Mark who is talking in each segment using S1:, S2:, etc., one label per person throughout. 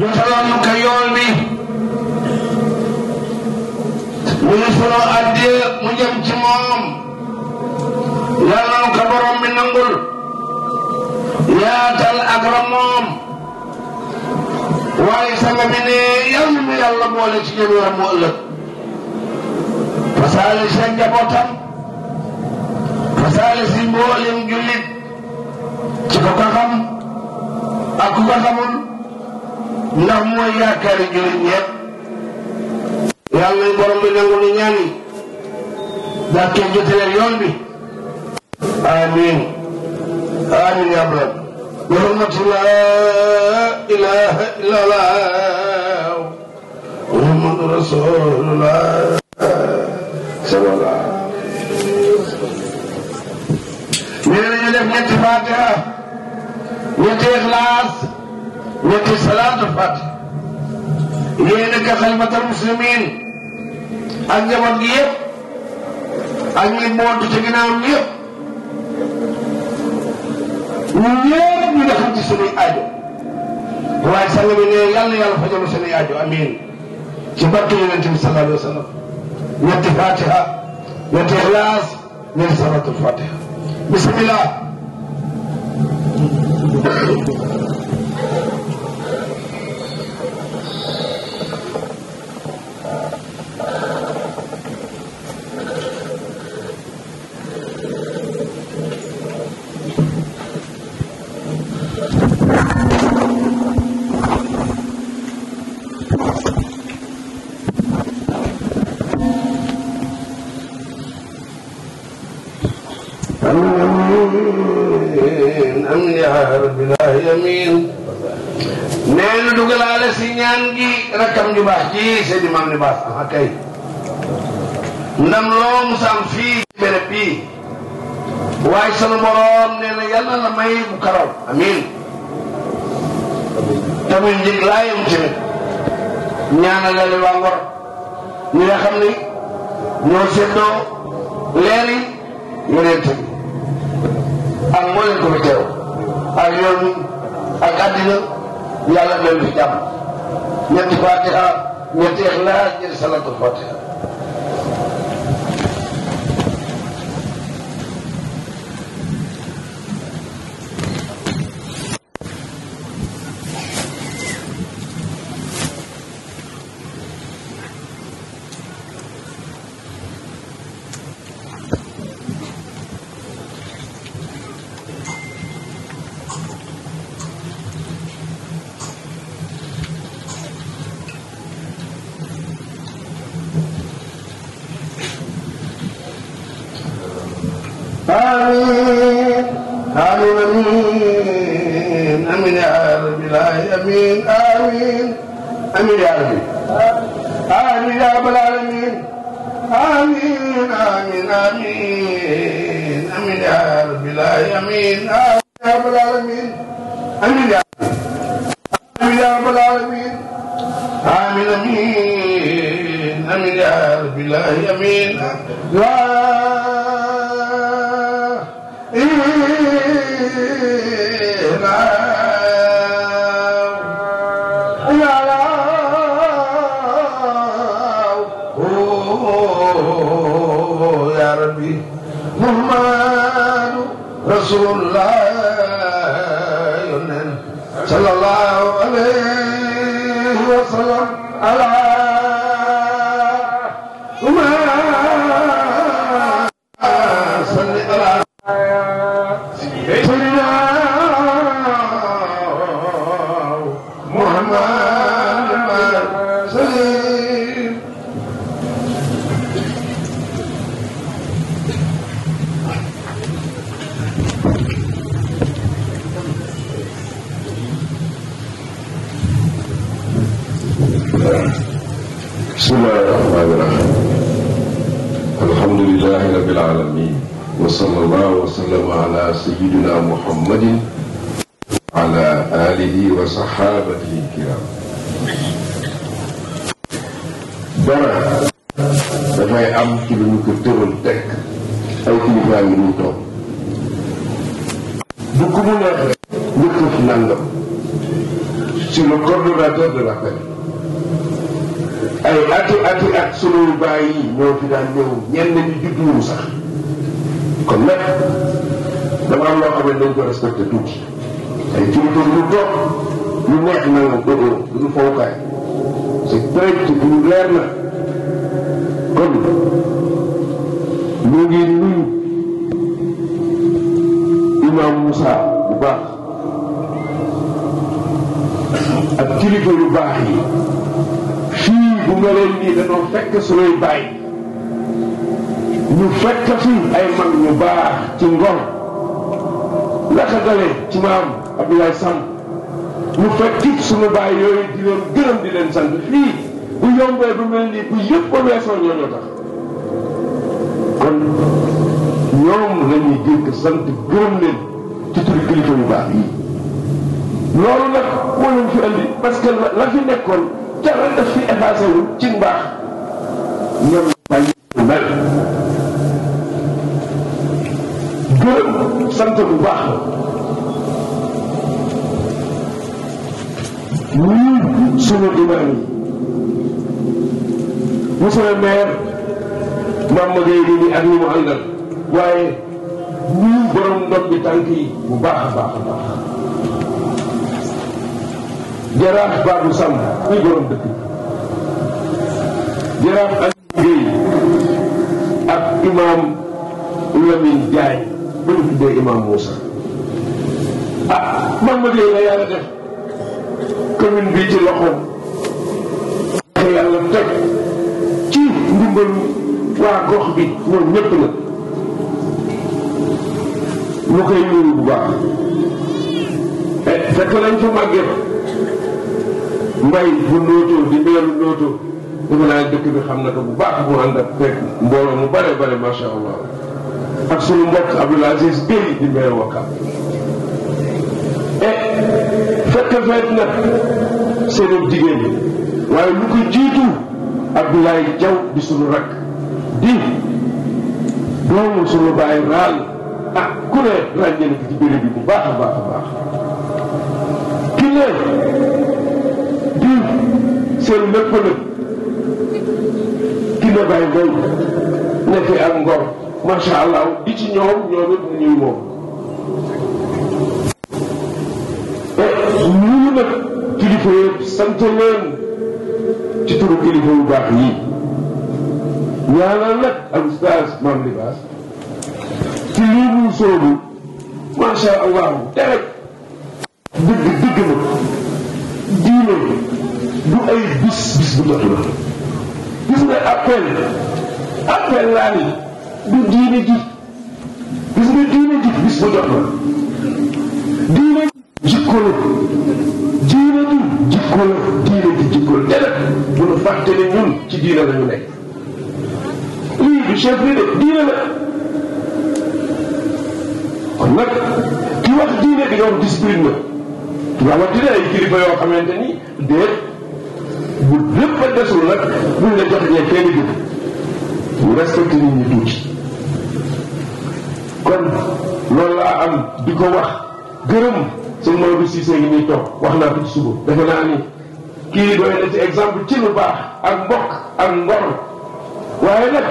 S1: jotaloon nu ko yool bi mu ngi fuloo addee mu jëm ci moom yal na nu ko borom bi nangul yaatal ak ramoom waaye sanga bi ne yal na nu yàlla boole ci ñoom yaram mu ëllëg fasaale seen njabootam fasaale si mbooleem jullit ci ko ko xam ak ku ko xamul ndax mooy yaakaari jullit ñëpp yàlla nañ borom bi nangu lu ñaan yi dàkke jotale yoon bi amin amin ya rab bi hurmati laa ilaha illa allah muhammadu rasulullah sallallahu nee nañu def ñetti faatiha ñetti ixlaas وفي صلاة الفاتحة yéene ka xalimatal muslimin ak njaboot gi yëpp ak ñi mootu ci ginnaawam yëpp ñun ñëpp ñu defal ci suñuy aajo waaye sànni bi ne yàlla yàlla fajalu suñuy aajo amiin ci barke yonent bi sallallahu alayhi wa sallam ñetti fatiha ñetti ixlaas ñetti salatul fatiha bismillah yamin nee na dugalaale si ñaan gi rakkam ju baax ji seen imam ni baax ah kay ndam loo mu fii ci béréb bii waaye sunu boroom nee la may bu karaw amin tamit njëg laa yem tamit ñaanalale waa Ngor ñi nga xam ni ñoo seddoo leer yi yonent ak moo leen ko fi ak réew mi ak àddina yàlla mel ni jàmm ñetti fatiha ñetti ixlaas ñetti salatul fatiha
S2: bu leer la kon
S3: mu ngi nuyu imam Moussa bu baax ak kilifa yu baax yi fii bu meleen nii dañoo fekk sunuy baay ñu fekk fi ay mag baax ci ngor la ko dalee ci maam Abdoulaye Samb ñu fekk sunu baay yooyu di leen gërëm di leen sant fii bu yombee bu mel nii bu yëpp ba weesoo ñooñoo tax kon ñoom la ñuy jëkk sant gërëm leen ci turi kilifa yu baax yi loolu nag moo leen fi andi parce que la fi nekkoon dara daf fi effacé wu ci mbaax ñoom bàyyi mel
S2: gërëm sant bu baax la ñuy sunu imaam yi
S3: monsieur le maire Mame Gueye nii ak ñi mu àndal waaye ñii borom ndox bi tànk yi bu baax baax a baax jaraaf Babou Samb ñi borom dëkk jaraaf Aliou Gueye ak imam Lamine Diagne ba ñu tuddee imam Moussa ah, la yàlla def commune bi ci loxo teg ndimbalu waa gox bi ñoom ñëpp la ñu koy nuyu bu baax eh, fekk lañ fa màggee ba mbay bu nootoo di meeru nootoo defe naa dëkk bi xam na ko bu baax bu ànd ak fekk mbooloo mu bare bare macha allah ak sunu mbokk Abdoul Aziz Guèye di meeru Wakam
S4: eh,
S2: fekk fekk nag seen jigéen ñi waaye lu ko jiitu Abdoulaye
S3: Diaw di sunu rakk di doomu sunu baay raal ak ah, ku ne ràññee na ci béréb bi bu baax a baax a baax ki ne di seen lépp nag ki ne bàyyi ngay nekk ak ngor macha allah di ci ñoom ñoom it
S2: mu ñuy moom eh, ñu nag kilifa yëpp sant leen ci turu kilifa yu baax yi
S1: ñaanal nag al oustaz Mame Libasse
S4: ci lii
S2: muy sóobu macha allah deret dëgg dëgg na du ay bis bis bu jotu la gis nga appel
S3: bu la diine di jikkool te nag bu nu fàtte ne ñun ci diine la ñu lii du chef bi de la kon nag ki wax diine bi nga wax discipline la rawatina ay kilifa yoo xamante ni déet bu lépp a desul nag buñ la jox ñee kenn du ñu respecté nit ñi tuuti kon loolu am di ko wax gërëm sëñ Maodo Cissé ngi ñuy toog wax naa ko ci suba naa ni kii doy na ci exemple ci lu baax ak mbokk ak ngor waaye nag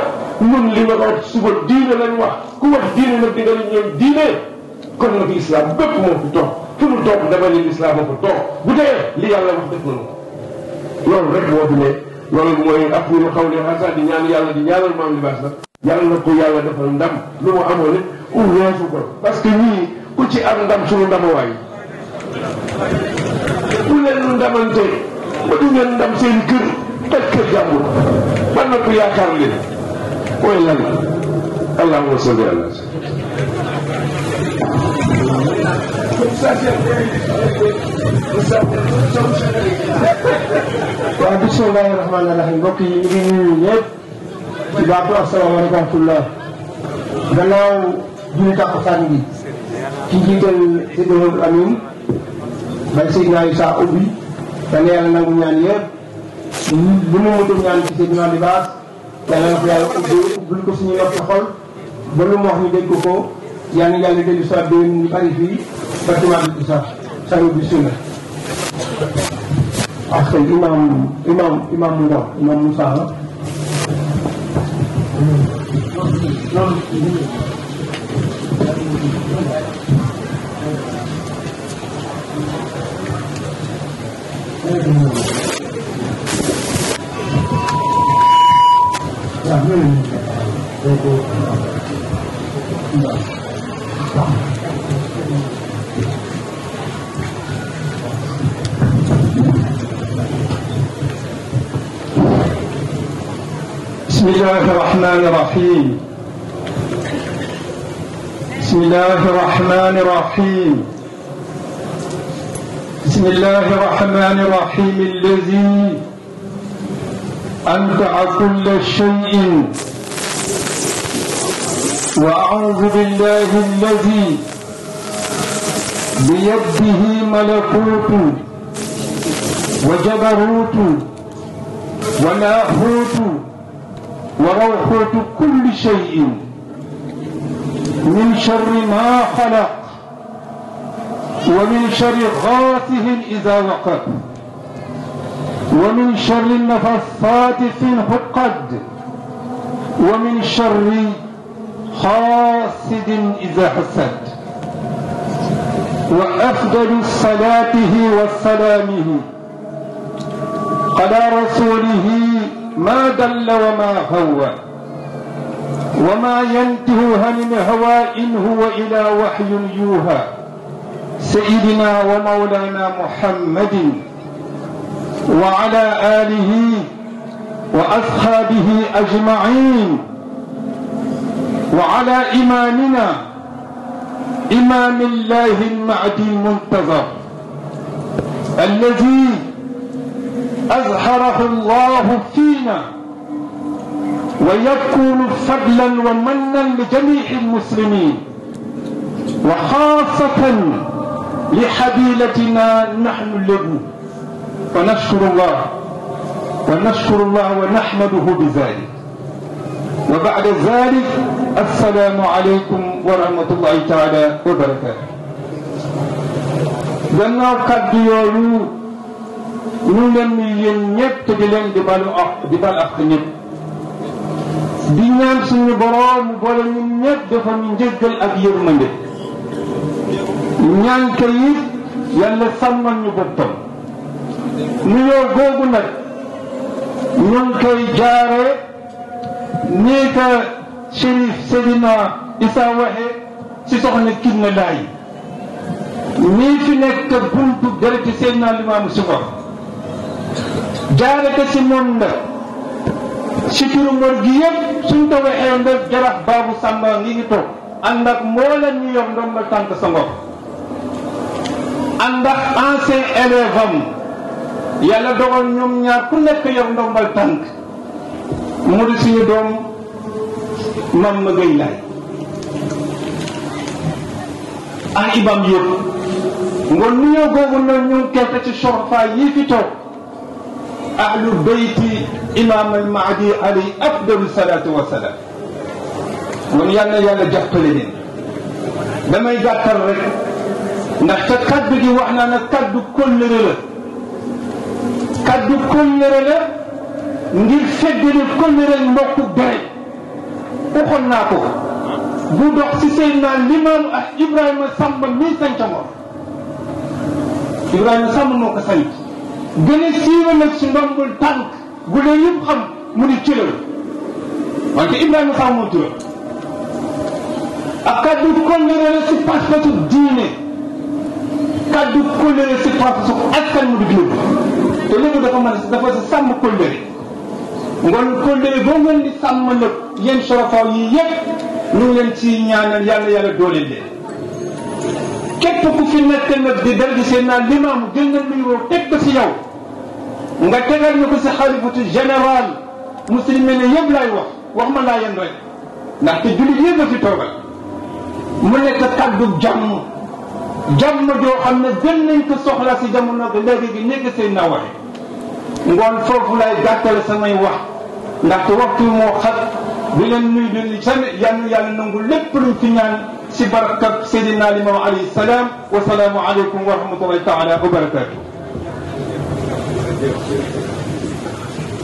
S3: ñun li ma wax ci suba la lañ wax ku wax diine nag di nga ne ñoom diine kon nag islam bépp moo fi toog fu mu toog dama ni islam moo fa toog bu dee li yàlla wax def na ko loolu rek moo fi ne loolu mooy ab lu xaw ne xasa di ñaan yàlla di ñaanal maam libaas la yàlla na ko yàlla defal ndam lu mu amoon it weesu ko parce que ñii ku ci am ndam suñu ndamawaay bu leen ndamante ba du ngeen ndam seen kër toj kër jàmbur ba noppi yaakaar leen mooy lan allahumma salli ala
S1: waaw bismillahi rahmaani rahim mbokk yi ñu ngi nuyu
S3: ñëpp ci baatu asalaamaaleykum wa rahmatullah gannaaw julli tàkkusaan bi ci jiital Sidou Amin bay Seydina Issa ubbi yal na yàlla nangu ñaan yëpp bu nu mu doon ñaan ci Seydina Libaas yal na ko yàlla ubbi ubbil ko suñu nopp xol ba lu mu wax ñu dégg ko yal na yàlla dégg soit bi ñu fii ba tubaab bi sax salu bi sunna parce que imam imam imam mu ndaw imam Moussa la بسم الله الرحمن الرحيم
S2: بسم الله الرحمن الرحيم بسم الله الرحمن الرحيم الذي أنفع كل شيء وأعوذ بالله الذي بيده ملكوت
S3: وجبروت ولاهوت وروحوت كل شيء من شر
S1: ما خلق ومن شر غاتهم إذا وقب ومن شر النفاثات في العقد
S3: ومن شر حاسد إذا حسد وأفضل صلاته وسلامه على رسوله ما دل وما هوى وما ينتهى من هوى إن هو إلى وحي يوهى سيدنا ومولانا محمد وعلى آله وأصحابه أجمعين وعلى إمامنا إمام الله المعدي المنتظر الذي أظهره الله فينا ويكون فضلا ومنا لجميع المسلمين وخاصة لحبيلتنا نحن اللبو ونشكر الله ونشكر الله ونحمده بذلك وبعد ذلك السلام عليكم ورحمة الله تعالى وبركاته gannaaw kàddu yooyu ñu leen ni yéen ñëpp te di leen di balu ak di bal ak ñëpp di ñaan suñu boroom boole ñun ñëpp dafa ñu njëggal ak yërmande ñaan ko yi yàlla sàmmal ñu boppam nuyoo googu nag ñu ngi koy jaaree nii ko Chérif Seydina Issa waxe ci soxna Kiné Laye nii fi nekk buntu dërëti Seydina Limaamu Sufa jaare ko ci moom nag ci turu ngor gi yëpp suñ ko waxee nag jarax baabu sàmba ngi ngi toog ànd ak moo leen ñu yor tànk sa ànd ak ancien élève am yàlla dogal ñoom ñaar ku nekk yor ndombal tànk mu di suñu doom mam lay ak ibam yëpp nga nuyoo googu na ñun kerte ci yi fi toog ahlu bayti imam al mahdi alayhi afdalu salatu wasalaam mun yàlla yàlla jàppale leen damay gàttal ndax te kaddu gi wax naa ne kaddu kóllëre la kaddu kóllëre la ngir feddali kóllëre mbokku deret waxoon naa ko bu dox ci Seydina Limaamu ak Ibrahima Samba mii sanc moom Ibrahima Samba moo ko sanc gën a siiwal nag si ndombul tànk bu xam mu ni cëlal wante Ibrahima Samba moo turam ak kaddu kóllëre la si pas diine kàddu kóllëre si papa suuf askan mu dugg lépp te lépp dafa mën dafa sàmm kóllëre ngoon kóllëre boo ngeen di sàmm nag yéen sorofaaw yi yëpp ñu ngi leen ci ñaanal yàlla yàlla dooleel leen képp ku fi nekk nag di dal di seen naan limaam jël na nuyoo teg ko si yow nga tegal ñu ko si xalifatu général muslimine yëpp laay wax wax ma a fi toogal mu nekk kàddu jàmm joo xam ne gën nañ ko soxla si jamono bi léegi bi nekk seen naa waxe ngoon foofu lay gàttale samay wax ndaxte waxtu moo xat bi leen nuy duni san yàlla yàlla nangu lépp luñ fi ñaan si barkat Seydina Limaamu alayhi salaam wa salaamu aleykum wa rahmatullahi taala wa barakatu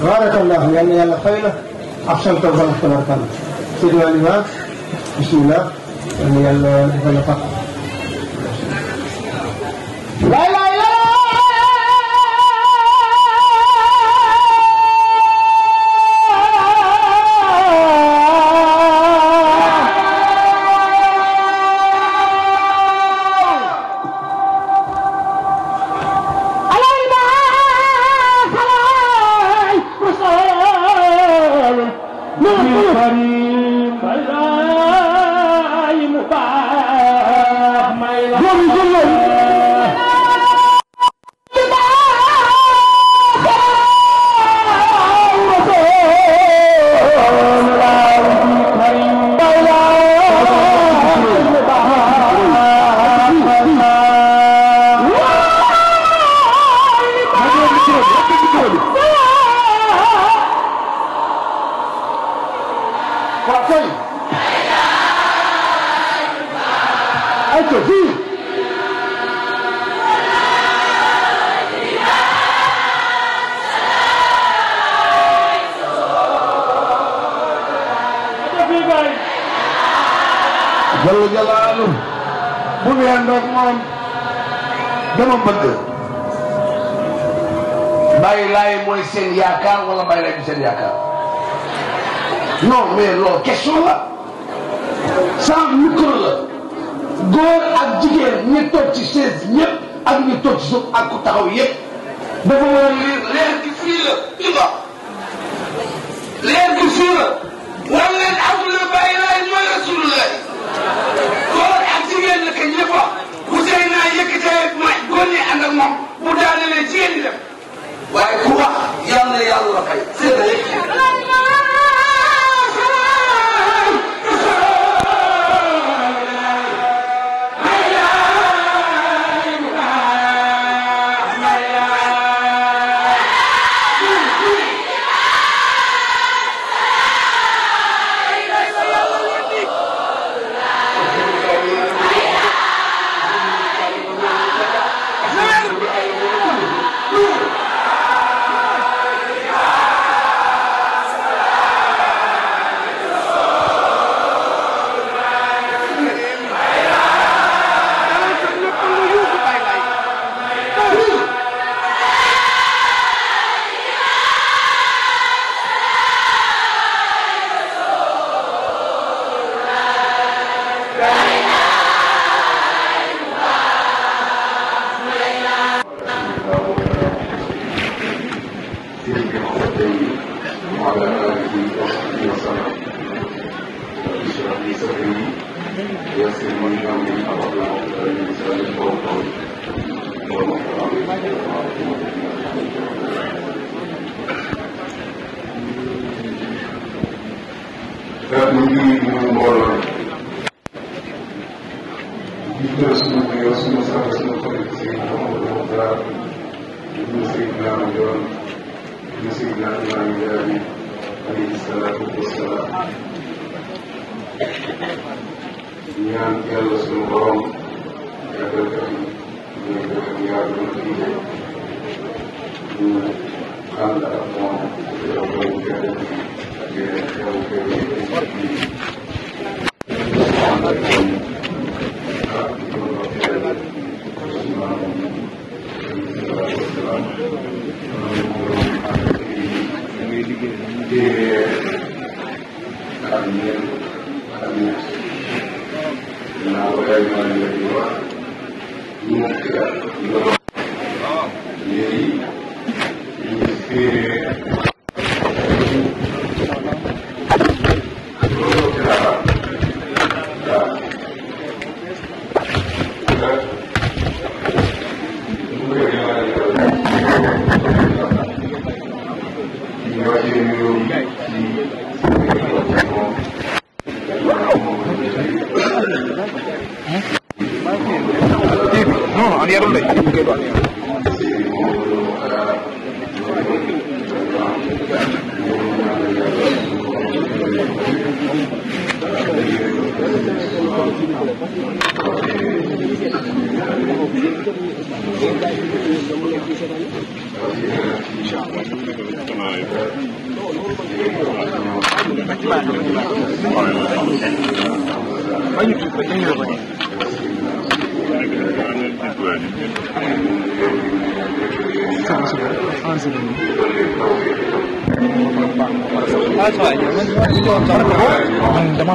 S2: barakallah yal na yàlla fay la
S3: ak sant ak barke tabarkalla Seydina Limaam bismillah yal na yàlla
S4: defal la waaye
S3: ma bëgg
S1: bàyyi laay mooy seen yaakaar wala bàyyi laay bi seen yaakaar non mais loolu question la sans micro la góor jigéen ñi toog ci chaise ñëpp ak ñi toog ci suuf ak ku taxaw yëpp dafa war gi fii la ci gi fii
S2: ñaan yàlla suñu borom yàggal ko fi ñuy def ak yàlla ñu diine ñu ànd ak moom yow koy gën ak yeneen xew xew yi ànd ak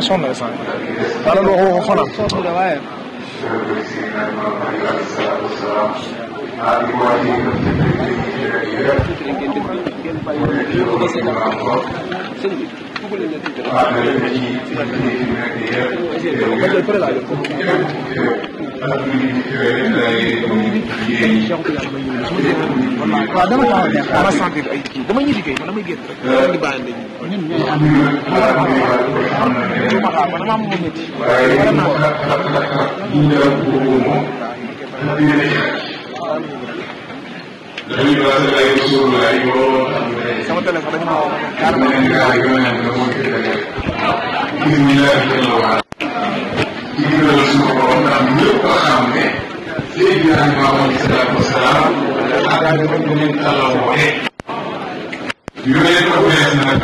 S3: information ndeysaan daanaka wax waxu fanaan. waaw dama taxaw ne xaaral sentir ay kii dama ñu liggéey man damay génn rek.
S4: ñun ñooy am ñu ma xaar man
S3: maa métti vraiment
S2: sama téléphone dañ ma woo ci digal suñu borom ndax ñëpp a xam ne léegi daal maa ngi salaatu wasalaam ak ak
S3: ak yeneen alal moo ne. yore ko wees nag.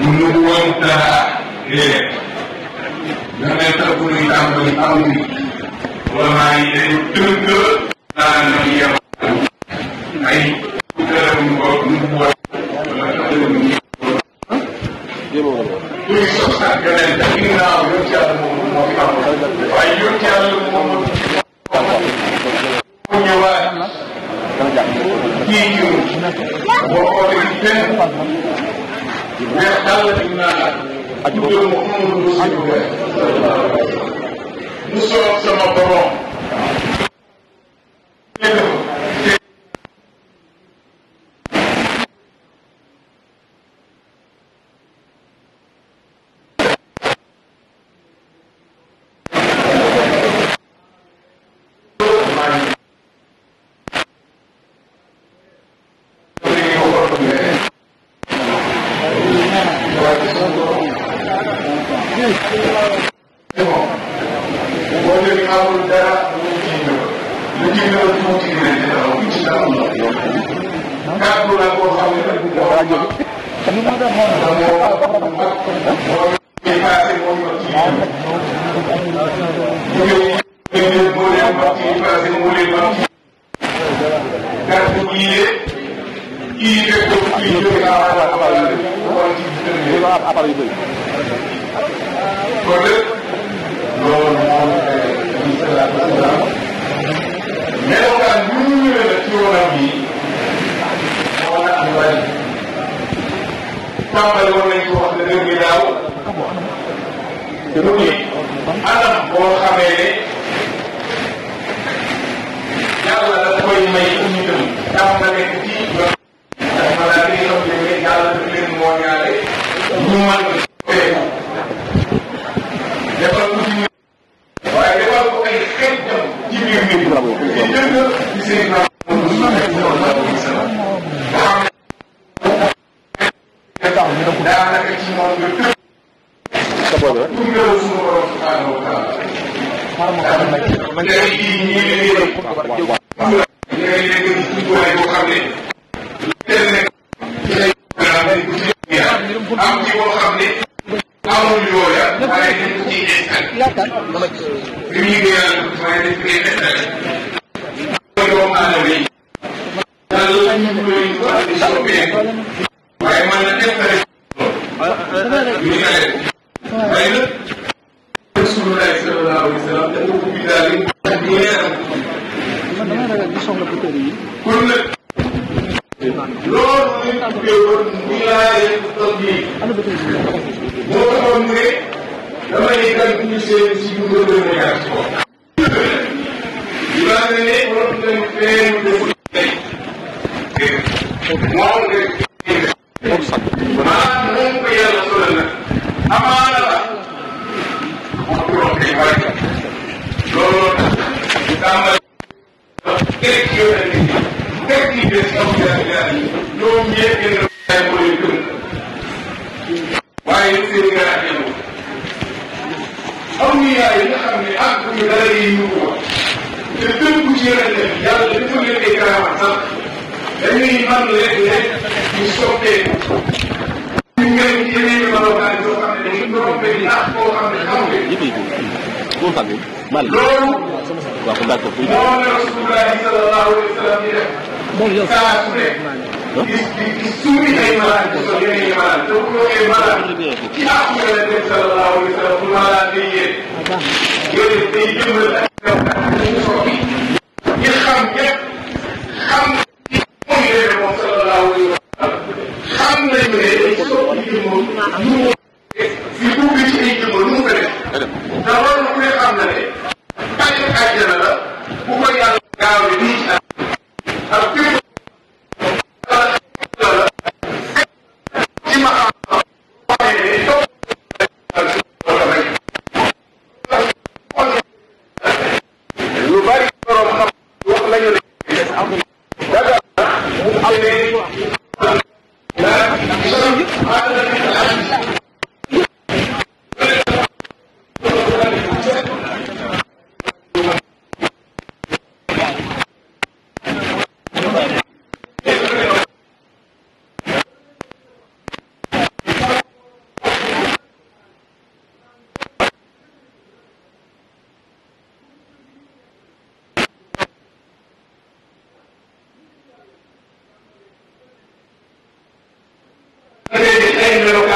S3: mënuñu woon dara déedéet nga ne tënku ni tàmbali amuñu vraiment dañu tënk naan la ñu yem
S2: ay tëram ko nu mu war wala tëram ñu kuy sosal keneen te ginnaaw yoon ci yàlla moom moo fi am waaye yoon ci yàlla moom mu ñëwaat kii ñun boo xoolee kenn weer tàllati naa ak. ak boppam mu sama borom. li ñuy doyal waaye dañ koy nettali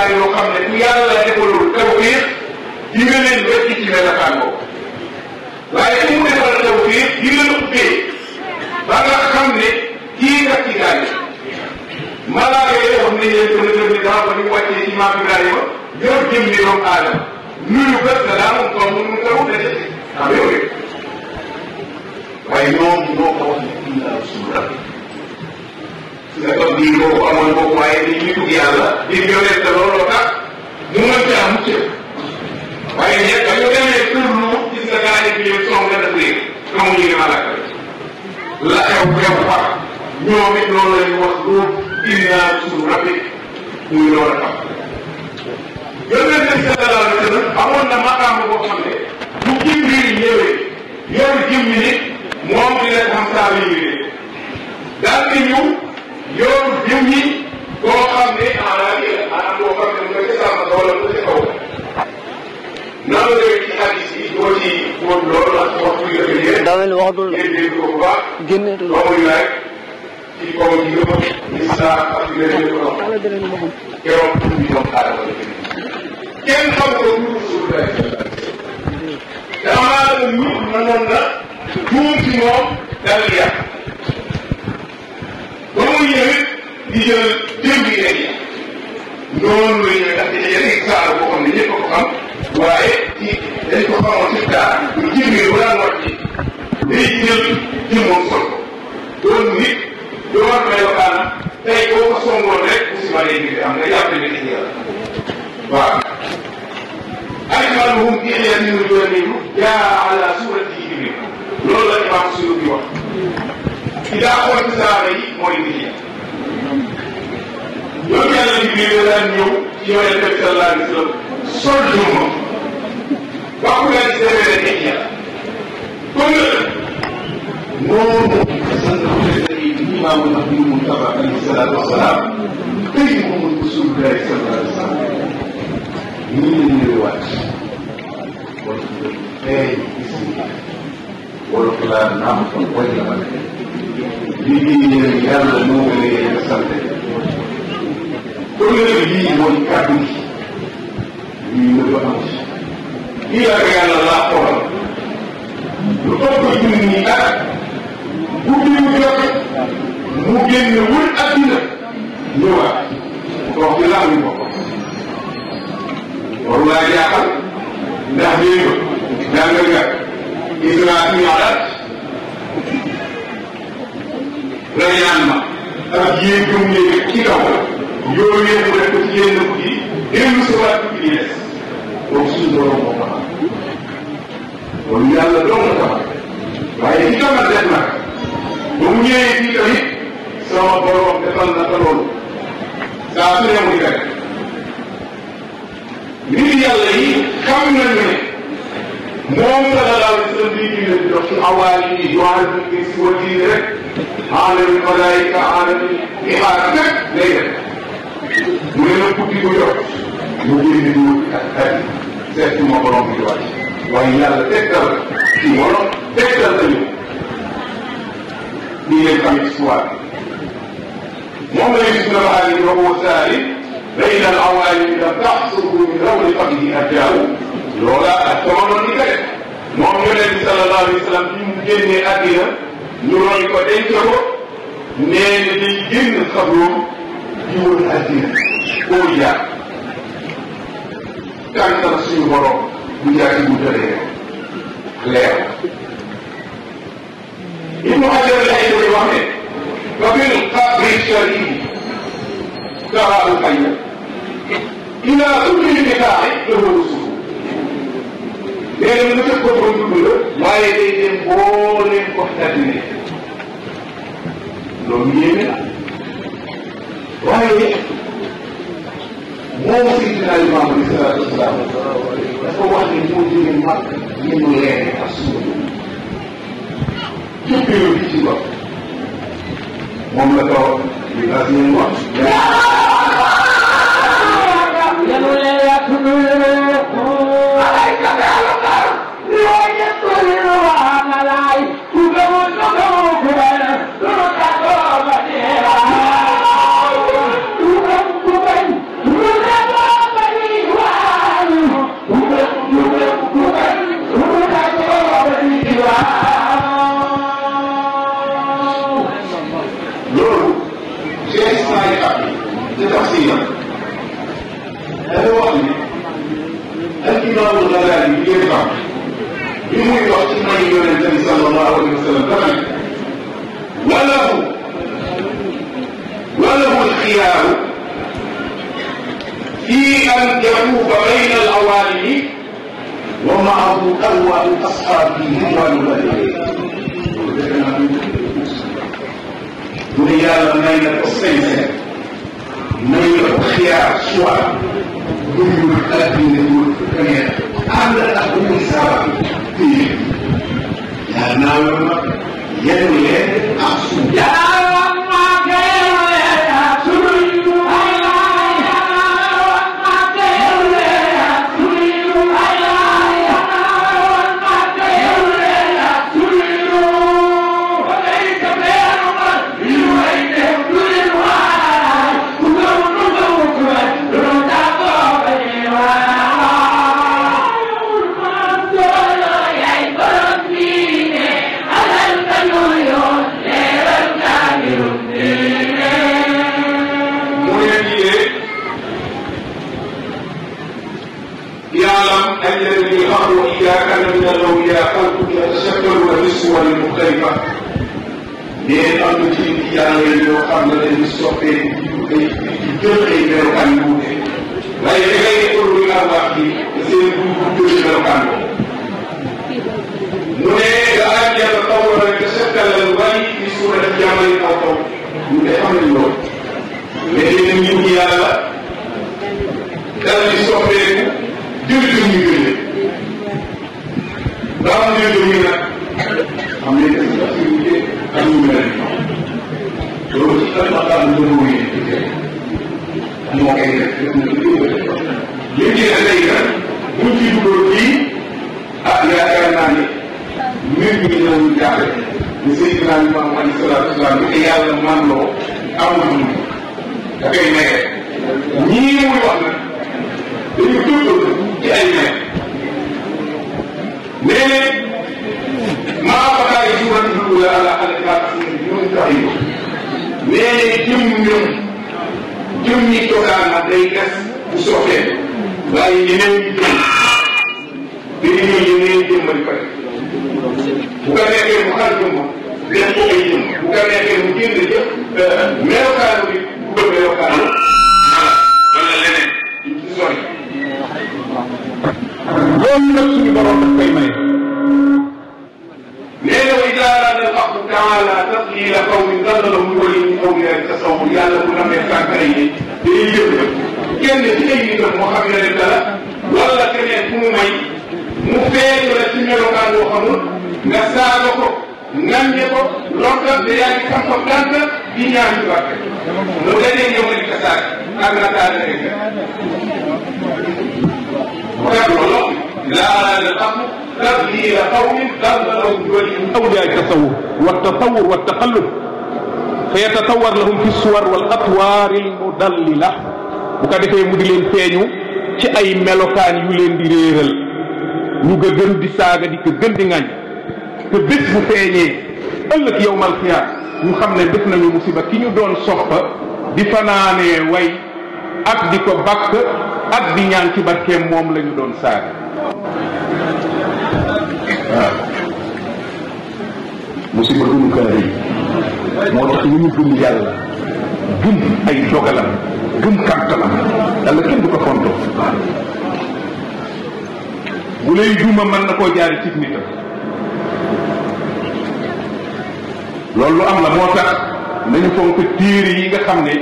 S3: melokaan yoo xam ne ku yàlla defalul tawfiix di nga leen wecc ci melokaan boobu waaye ku mu defal tawfiix di nga ubbee ba nga xam ne kii kat ci gaal yi malaaka yi wax ne yéen dana jëm ni daaw ba ni mu wàccee ci maam Ibrahima
S2: yor jëm ni doomu aadama nuyu bët na daa moom comme mu mu taw na def xam yooyu waaye ñoom méthode bii boobu amoon boobu waaye dañuy dugg yàlla di violer te looloo tax mu mën ci am mucc waaye ñett dañoo demee turnu gis nga gars yi fi
S3: ñëw song nga def léegi xamuñu la xew xew fa ñoom it loolu lañu wax lu innaa suñu rabbi muy loolu a tax yonent bi sallallahu alayhi wa sallam amoon na maqaam boo xam ne bu Jibril ñëwee
S2: yor jëmmi nit moom dina xam saa yu ñu ne di ñëw yoon jëm yi boo xam ne maanaam yéen maanaam boo xam ne nga ca
S3: sàmm kaw naa la doy ci xaalis yi boo ci loolu
S1: la waxtu yi dafa yéen. daa mel ni waxatul la ngeen
S2: kenn xam ko ñu suuf lay. damaa la nit mënoon na tuum ci moom
S3: ba mu ñëw it di jël jëmb yi rek noonu la ñuy def dañuy
S2: rek saar boo xam ne ñëpp ko xam waaye ci dañ ko xamoon ci daa ñu jëmb yi bu daan wàcc day jël jëmmoom sol doon nit doo
S3: war may waxaan tey boo ko songoon rek musiba lay bi am nga jàpp ne ci yàlla waaw أجملهم إلى من جميل جاء على سورته إبراهيم لولا الإمام السيوطي وقت ci daawoon saaba yi
S2: mooy wiya ñoom yàlla di biir daan ñëw ci yonente bi sallallahu alayhi wa sallam sol juma waxu leen séeréer ak yàlla kon noonu sant yi ni imaamu nag ñu mun taba alayhi salaatu wasalaam tey mu mun ko suul lay sallallahu alayhi wa sallam ñu ñu ñu wàcc kon feeñ gis wala ko laa naam kon koy la ma nekk lii indi leen yàlla moo ngi leen sant kuréel yii mooy kàddu gi ñuy nëbb am ci kii la yàlla laa xoolal lu topp junni ak guddi yu li muy wax ci may yonente bi sallallahu alayhi wa sallam dama ne walahu walahu alxiyaaru fi an yakuufa bayna al awaalimi wa maahu alwaalu asxaabihi wal walidayni mu ne yàlla may na ko sañ-sañ may na ko xiyaar soit duñu ak dina ñu ànd ak muy saabam Jangan lupa, jangan lupa, jangan lupa,
S3: إلى قلبك يتشكل وتسوى للمختلفة ngeen am na ci yàlla yoo
S2: xam ne dañuy soppee di di jël ay melokaan yu wuute waaye da ngay nekkoon lu ñu wax bi da seen dugub jël melokaan
S4: mu ne nga laaj yàlla taw la rek sekkal
S3: la lu bari ci suuna def jàmmali taw taw ñu
S2: ne xam nañ loolu mais dinañ ñu yàlla dal di soppeeku jël ñu gën daaw a ñëw ñu nag am nañ ay activité ak ñu mel loolu ci seen waxtaan bi moo ngi ci tey moo koy def def na lu bëri li ci des tey kat buñ ci dugal fii ah yaakaar naa ni mbir mi dinañu jaaxle ne Seydina Limaamu alayhi salaatu wa salaam bi te yàlla man loo amul ñu da koy maye ñii muy wax nag
S3: dañu tudd ci ay maye ليه؟ ما بقى يجوز الدخول على حلقات مستحيل ليه جم jëm yi cosaan ak day des bu soxee waaye yeneen yi jëm dañuy ñëw yeneen jëmmal pare bu ko nekkee mu xar jëmm
S2: def ko ay jëmm bu ko nekkee mu génn jëf
S3: melokaanu bi bu ko melokaanu wa التطور والتقلب فيتطور لهم في الصور والأطوار la bu ko defee mu di leen feeñu ci ay melokaan yu leen di réeral ñu nga di saaga di ko gën di ŋañ te bés bu feeñee ëllëg yow mal xiyaar ñu xam ne def nañu musiba ki ñu doon soppa di fanaanee way ak di ko bakk ak di ñaan ci barkeem moom lañu doon saaga musiba dunu gën a rëy moo tax ñu ñu gëm yàlla gëm ay dogalam gëm kàttalam yàlla kenn du ko fonto bu lay juuma mën na koo jaari cib nitam loolu lu am la moo tax nañu fonk téere yi nga xam ne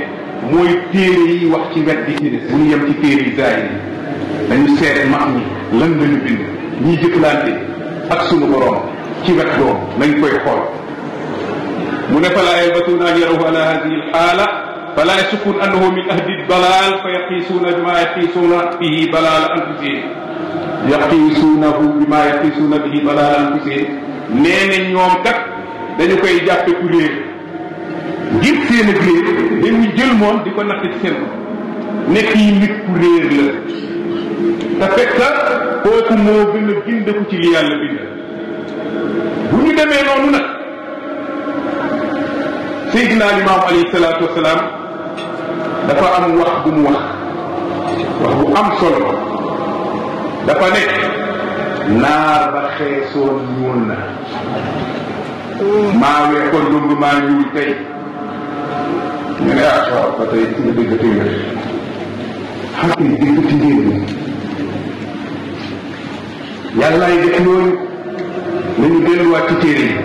S3: mooy téere yi wax ci wet bi ci bu ñu yem ci téere yi zaay yi nañu seet mag ñi lan lañu bind ñiy jëflante ak sunu borom ci wet boobu nañ koy xool mu ne falaa yalbasuuna an yarahu ala hadihi alxaala falaa yasukun annahu min ahli dalaal fa yaqiisuuna bima yaqiisuuna bihi dalaal anfusihim yaqiisuunahu bima yaqiisuuna bihi dalaal anfusihim nee na ñoom kat dañu koy jàppe ku réer ngir seen ak réer dañu jël moom di ko natt ci seen nekk yi nit la te fekk kooku moo gën a gindeku ci li yàlla bind bu ñu demee noonu nag Seydina Limaam alayhi salaatu am wax bu wax am solo dafa nekk naar ba xeesoon ñuul na maa weexoon dundu maa ñuul tey
S2: ñu ne ah waaw ba tey nga déggati nga xam nga déggati ngeen yàllaay def loolu nañu
S3: delluwaat ci téere yi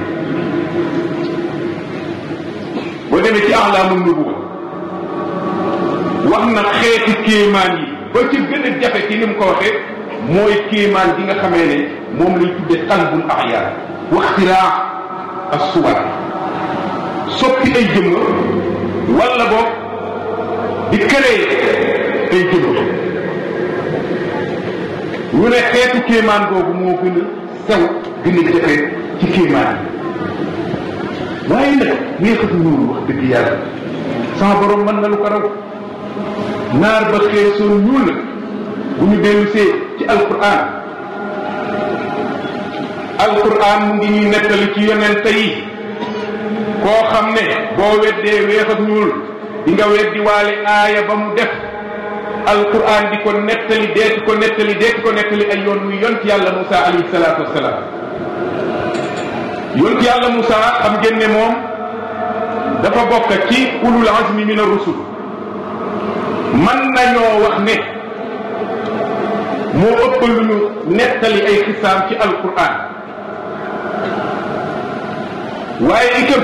S3: boo demee ci axlaamu nubuwa wax na xeeti kéemaan yi ba ci gën a jafe ci ni mu ko waxee mooy kéemaan gi nga xamee ne moom lañ tuddee xalbul axyaar waxtiraa ak suwar soppi ay jëmm wala boog di créer ay jëmm lu ne xeetu kéemaan googu moo gën a taw dina jafe ci kéemaan yi waaye nag neexatu ñuul wax dëgg yàlla sama mën na lu ko raw naar ba xeesoon ñuul la bu ñu dellusee ci alquran alquran mu ngi ñuy nettali ci yonente yi koo xam ne boo weddee weexat ñuul di nga weddi aaya ba mu def alquran di ko nettali deeti ko nettali deeti ko nettali ay yoon muy yont yàlla Moussa alayhi salaatu wasalaam yont yàlla Moussa xam ngeen ne moom dafa bokk ci ulul azmi min ar-rusul mën nañoo wax ne moo ëpp lu ñu nettali ay xisaam ci alquran waaye itam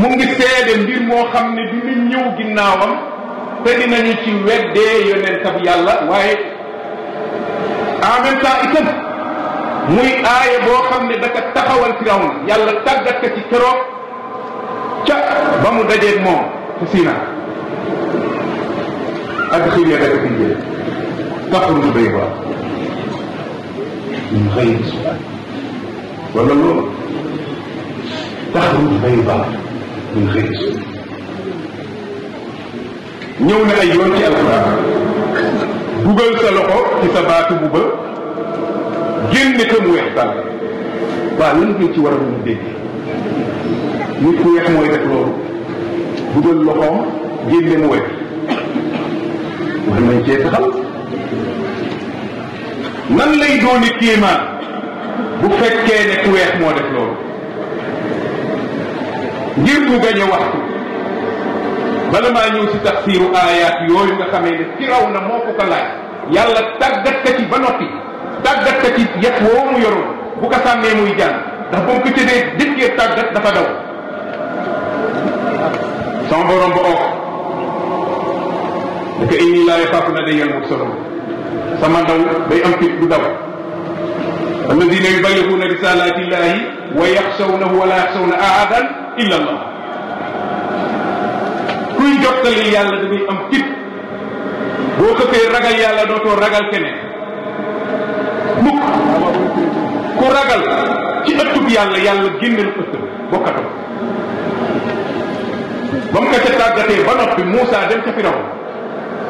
S3: mu ngi seede mbir moo xam ne dina ñëw ginnaawam. te dinañu ci weddee yonentab yàlla waaye en même temps itam muy aaya boo xam ne dafa taxawal firawna yàlla tàggat ka ci keroog ca ba mu dajeeg moom ci Sina adxil yadaka fi jël
S2: taxruju baydaa min xayri su'a wala loolu taxruju baydaa min xayri
S3: su'a ñëw na ay yoon ci alxuraan dugal sa loxo ci sa baatu bu ba génne ko mu weex tàll waaw lan ngeen ci war a mën dégg nit ku weex mooy def loolu dugal loxoom génne mu weex war nan lay dooni kéemaan bu fekkee ne ku weex moo def loolu ngir mu gañ waxtu bala maa ñëw si tafsiru aayaat yooyu nga xamee ne ci raw na moo ko ko laaj yàlla tàggat ka ci ba noppi tàggat ka ci yet woo mu yoroon bu ko sàmmee muy jàng ndax ba mu ko tëddee dëkkee tàggat dafa daw sama ba ook da ko inni laa yaxaafu na day yal mursalun sama ndaw day am fit daw alladina yuballiguna risalati illahi wala yaxshawna ahadan illa allah kuy jottali yàlla da ngay am fit boo xëppee ragal yàlla dootoo ragal keneen mukk ku ragal ci ëttub yàlla yàlla génneel ëtt bokkatu ba mu ko ca tàggatee ba noppi Moussa dem ca Firaw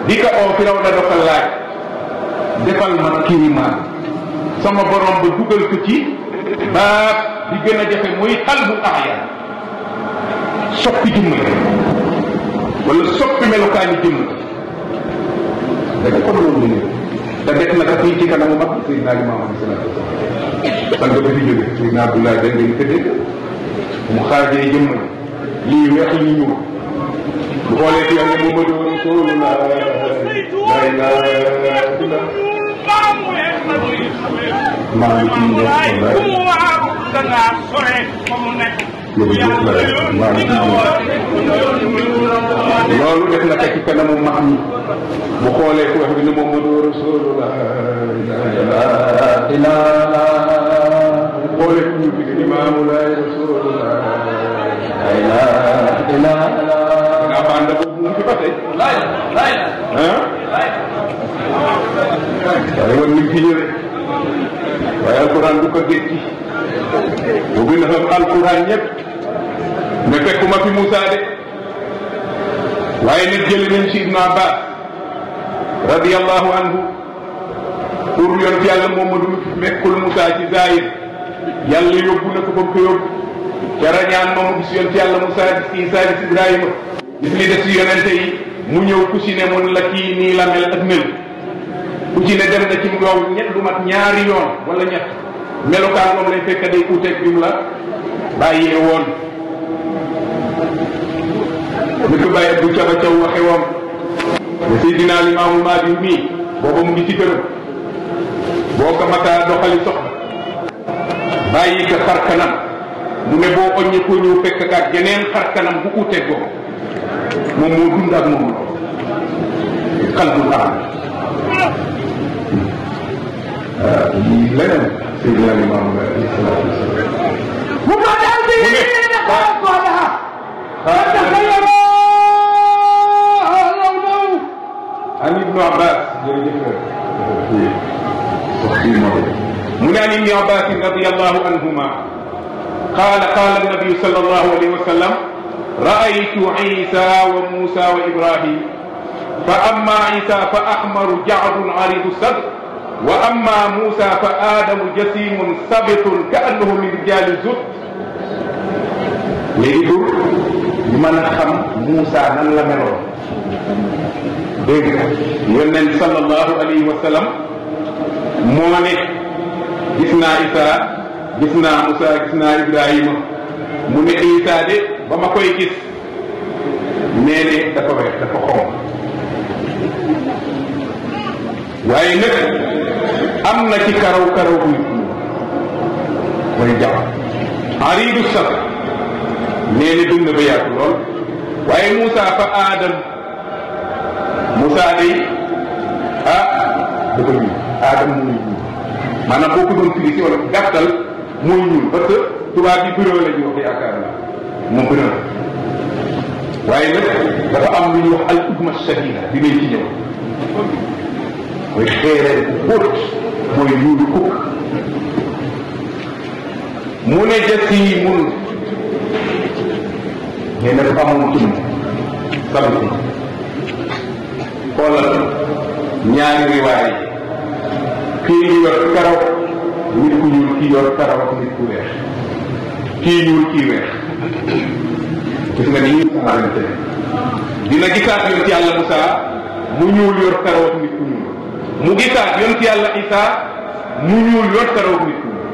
S3: di ko oo Firaw na dafa laaj defal ma kirimaan sama borom ba dugal ko ci bi gën a jafe muy xal bu aaya soppi dimbali wala soppi melukaani jëmm da nga ko doon liggéey te def na ko fii ci kanamu mag Seydina Limaamu alayhi salaatu wasalaam sang ba fi jóge Seydina Abdoulaye da ngeen ko dégg mu xaajee jëmm lii weex li
S2: ñuul bu xoolee fi yàlla moom Muhammadu Rasulullah laa ilaaha illallah maa ngi ciy ñëw jërëjëf
S3: madame waaw loolu def na ko ci kanamu maam bu xoolee ku wax bi ne Muhammadu Rasulullah xoolee ku ñu fi imaamu laay Rasulullah nga xam ne boobu mu ngi fi ba tey waaye
S2: woon ni fi ñëwee waaye alquran du ko dégg
S3: bu bind fa alquran ñëpp ne fekkuma fi Moussa de waaye nit jëli nañ ci Ibn Abbas radiyallahu anhu pour yoon yàlla moom ma du mekkul Moussa ci zahir yàlla yóbbu na ko ba mu ko yóbbu ca rañaan moomu gis yoon yàlla Moussa gis Isa gis Ibrahima gis li des ci yonente yi mu ñëw ku ne mun la kii nii la mel ak mel ku ne dem na ci ngoow ñett lu mat ñaari yoon wala ñett melokaan moom lay fekk day uuteeg bi mu la bàyyee woon ni ko bàyyi bu caba caw waxe woon ne Seydina Limaamul Mahdi mii booba mu ngi ci këram boo ko mataa doxali soxla bàyyi ko xar kanam mu ne boo oññee ko ñëw fekk ak geneen xar kanam bu uute ko moom moo dund ak moom xal bu baax
S2: lii leneen Seydina Limaamu alayhi salaatu wasalaam
S3: ابن عباس رضي الله عنهما قال قال النبي صلى الله عليه وسلم رأيت عيسى وموسى وإبراهيم فأما عيسى فأحمر جعد عريض الصدر وأما موسى فآدم جسيم سبط كأنه من رجال الزهد léegi pour ñu mën a xam Moussa nan la meloon dégg nga yonent sallallahu alayhi wa sallam moo ne gis naa Isaa gis naa Musaa gis Ibrahima mu ne Isaa de ba ma koy gis nee dafa weex dafa xonq waaye nag am na ci karaw karaw buy way jàpp ariidu saf nee ne dund ba yàgg lool waaye Musaa fa aadam Musaa day ah dafa ñuul aadam maanaam boo ko doon fii wala gàttal mooy ñuul parce que tubaab bi bureau la ñu wax yaakaar naa moom bureau waaye nag dafa am lu ñuy wax al udma shadida bi ngay ci ñëw mooy xeereel bu xóot mooy ñuulu kukk mu ne jëkk yi mun nee na dafa amoon tund sabiti xoolal ñaari riwaay kii ñu yor karaw nit ku ñuul kii yor karaw nit ku weex kii ñuul kii weex dina gisaat yonent yàlla Moussa mu ñuul yor karaw nit ku ñuul mu gisaat yonent yàlla Isa mu ñuul yor karaw ak nit ku ñuul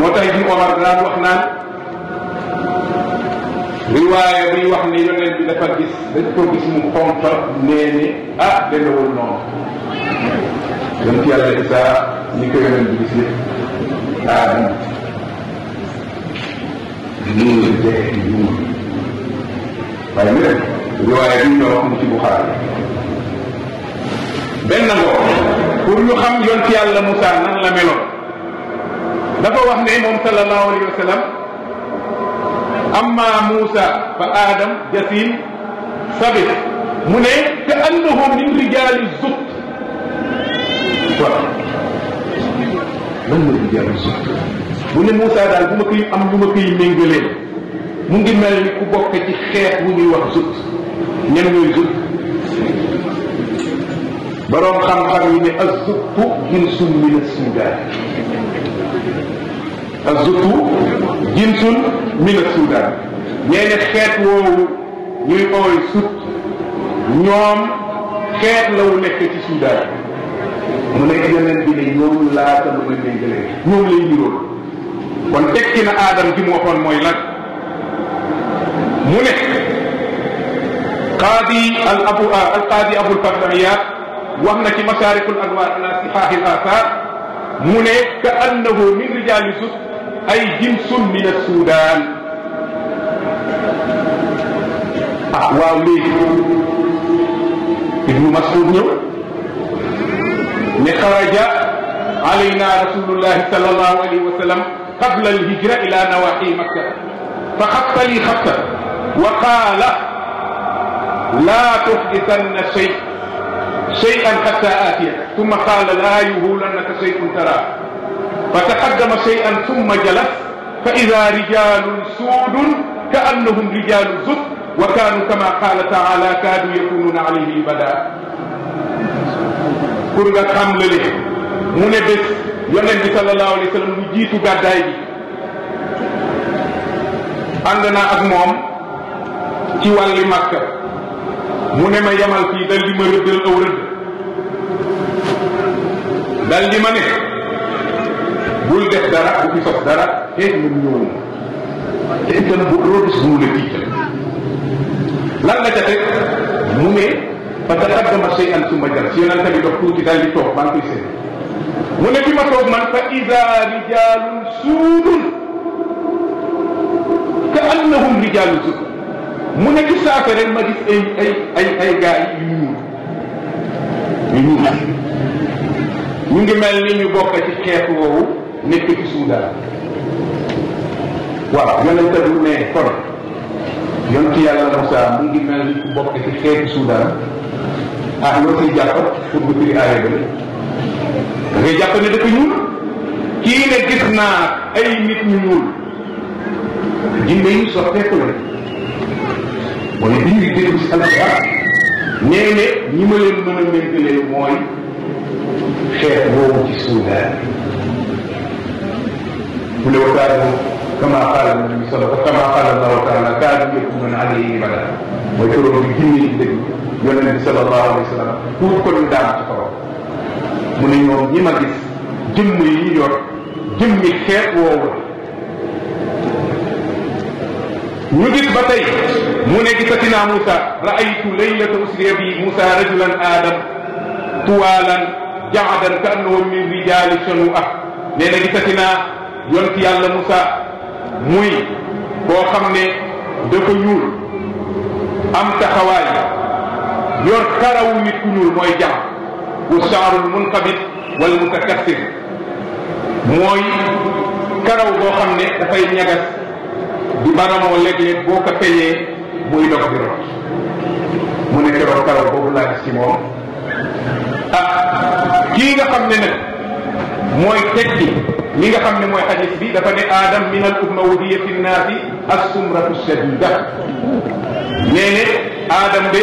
S3: moo tax Ibnu Omar daan wax naan riwaaya buy wax ne yonent bi dafa gis dañ ko gis mu xonq nee ni ah noonu
S2: yonent yàlla Isaa ñi ko yonent bi gis yëpp aadama nii jeex nii waaye mi rek riwaaya bi ñoo am ci Buxaari
S3: benn ngoo pour ñu xam yonent yàlla Musaa nan la meloon dafa wax ne moom sallallahu alayhi wa sallam amma Musa fa Adam jasim sabit mu ne ka annahum min rijaali zubt
S2: waaw lan la ñu jàll
S3: mu ne Moussa daal bu ma koy am lu ma koy méngalee mu ngi mel ni ku bokk ci xeex bu ñuy wax zut ñen ñooy zut boroom xam-xam yi ne azuttu jinsun min assudan azuttu jinsun min assudan nee na xeet woowu ñuy ooy sut ñoom xeet la nekk ci Soudan mu ne yonent bi ne ñoom laata lu ma leen jëlee ñoom lay niroon kon tekki na aadam ji mu waxoon mooy lan mu ne qaadi al abu al qaadi abul fatahiyat wax na ci masaarikul anwaar ala sihahil athar mu ne ka annahu min rijaali sud ay jinsun min assudan ah waaw léegi ibnu masud ñëw ne xaraja alayna rasulullahi sallallahu alayhi wa sallam qabla alhijra ila nawaxi makka fa xatta li xatta wa qaala laa tuxdisanna shay شيئا حتى آتيك ثم قال لا يهولنك شيء تراه فتقدم شيئا ثم جلس فإذا رجال سود كأنهم رجال زب وكانوا كما قال تعالى كادوا يكونون عليه لبدا pour nga xam la mu ne bés yonent bi wa sallam lu jiitu gàddaay bi ànd naa ak moom ci wàlli màkka mu ne ma yamal fii dal ma rëddal aw rëdd dal ma ne bul def dara bu fi sos dara xeet man ñëwum te itam bu roo gis la tiital lan la ca mu ne ba te tàggat shay'an summa jal si yonent bi dox tuuti daal di toog maa ngi koy seen mu ne fi ma toog man fa ida rijalun suudun ka annahum rijalun suud mu ne ci saafara rek ma gis ay ay ay ay gaa yu ñuul yu ñuul ñu ngi mel ni ñu bokk ci xeet woowu nekk ci Soudan waaw yonent bi ne kon yonent yàlla Moussa mu ngi mel ni ku bokk ci xeetu Soudan a ah, loo koy jàpp pour nga firi aaya bi da ngay jàpp ne dafa ñuul kii ne gis naa ay nit ñu ñuul jinne yi soppeeku la wala bi ñu déglu si alxuraan nee ne ñi ma leen mën a méngalee mooy xeet boobu ci Soudan bu le wakaar kama qaala nabi sallallahu kama qaala allahu taala kaadu yëpp mën alayhi bala mooy turam bi jinne yi dëgg yonent bi sallallahu alayhi wa sallam tuut ko ñu daan ci kawam mu ne ñoom ñi ma gis jëmm yi ñu yor jëmmi xeet woowu ñu gis ba tey mu ne gisati naa Moussa raaytu laylata usriya bi Moussa rajulan aadam tuwaalan jaadan ka annahu min rijaali shanu ah nee na gisati naa yonti yàlla Moussa muy boo xam ne dafa ñuul am taxawaay yor karawu nit ku ñuul mooy jam wu saarul munqabit wala mutakassir mooy karaw boo xam ne dafay ñagas di baramoo moo léeg boo ko peyee muy dox di rot mu ne keroog karaw boobu laa gis ci moom ah kii nga xam ne nag mooy teg gi li nga xam ne mooy xadis bi dafa ne aadam min al ummawudiya fi nnaasi assumratu sadida nee ne aadam de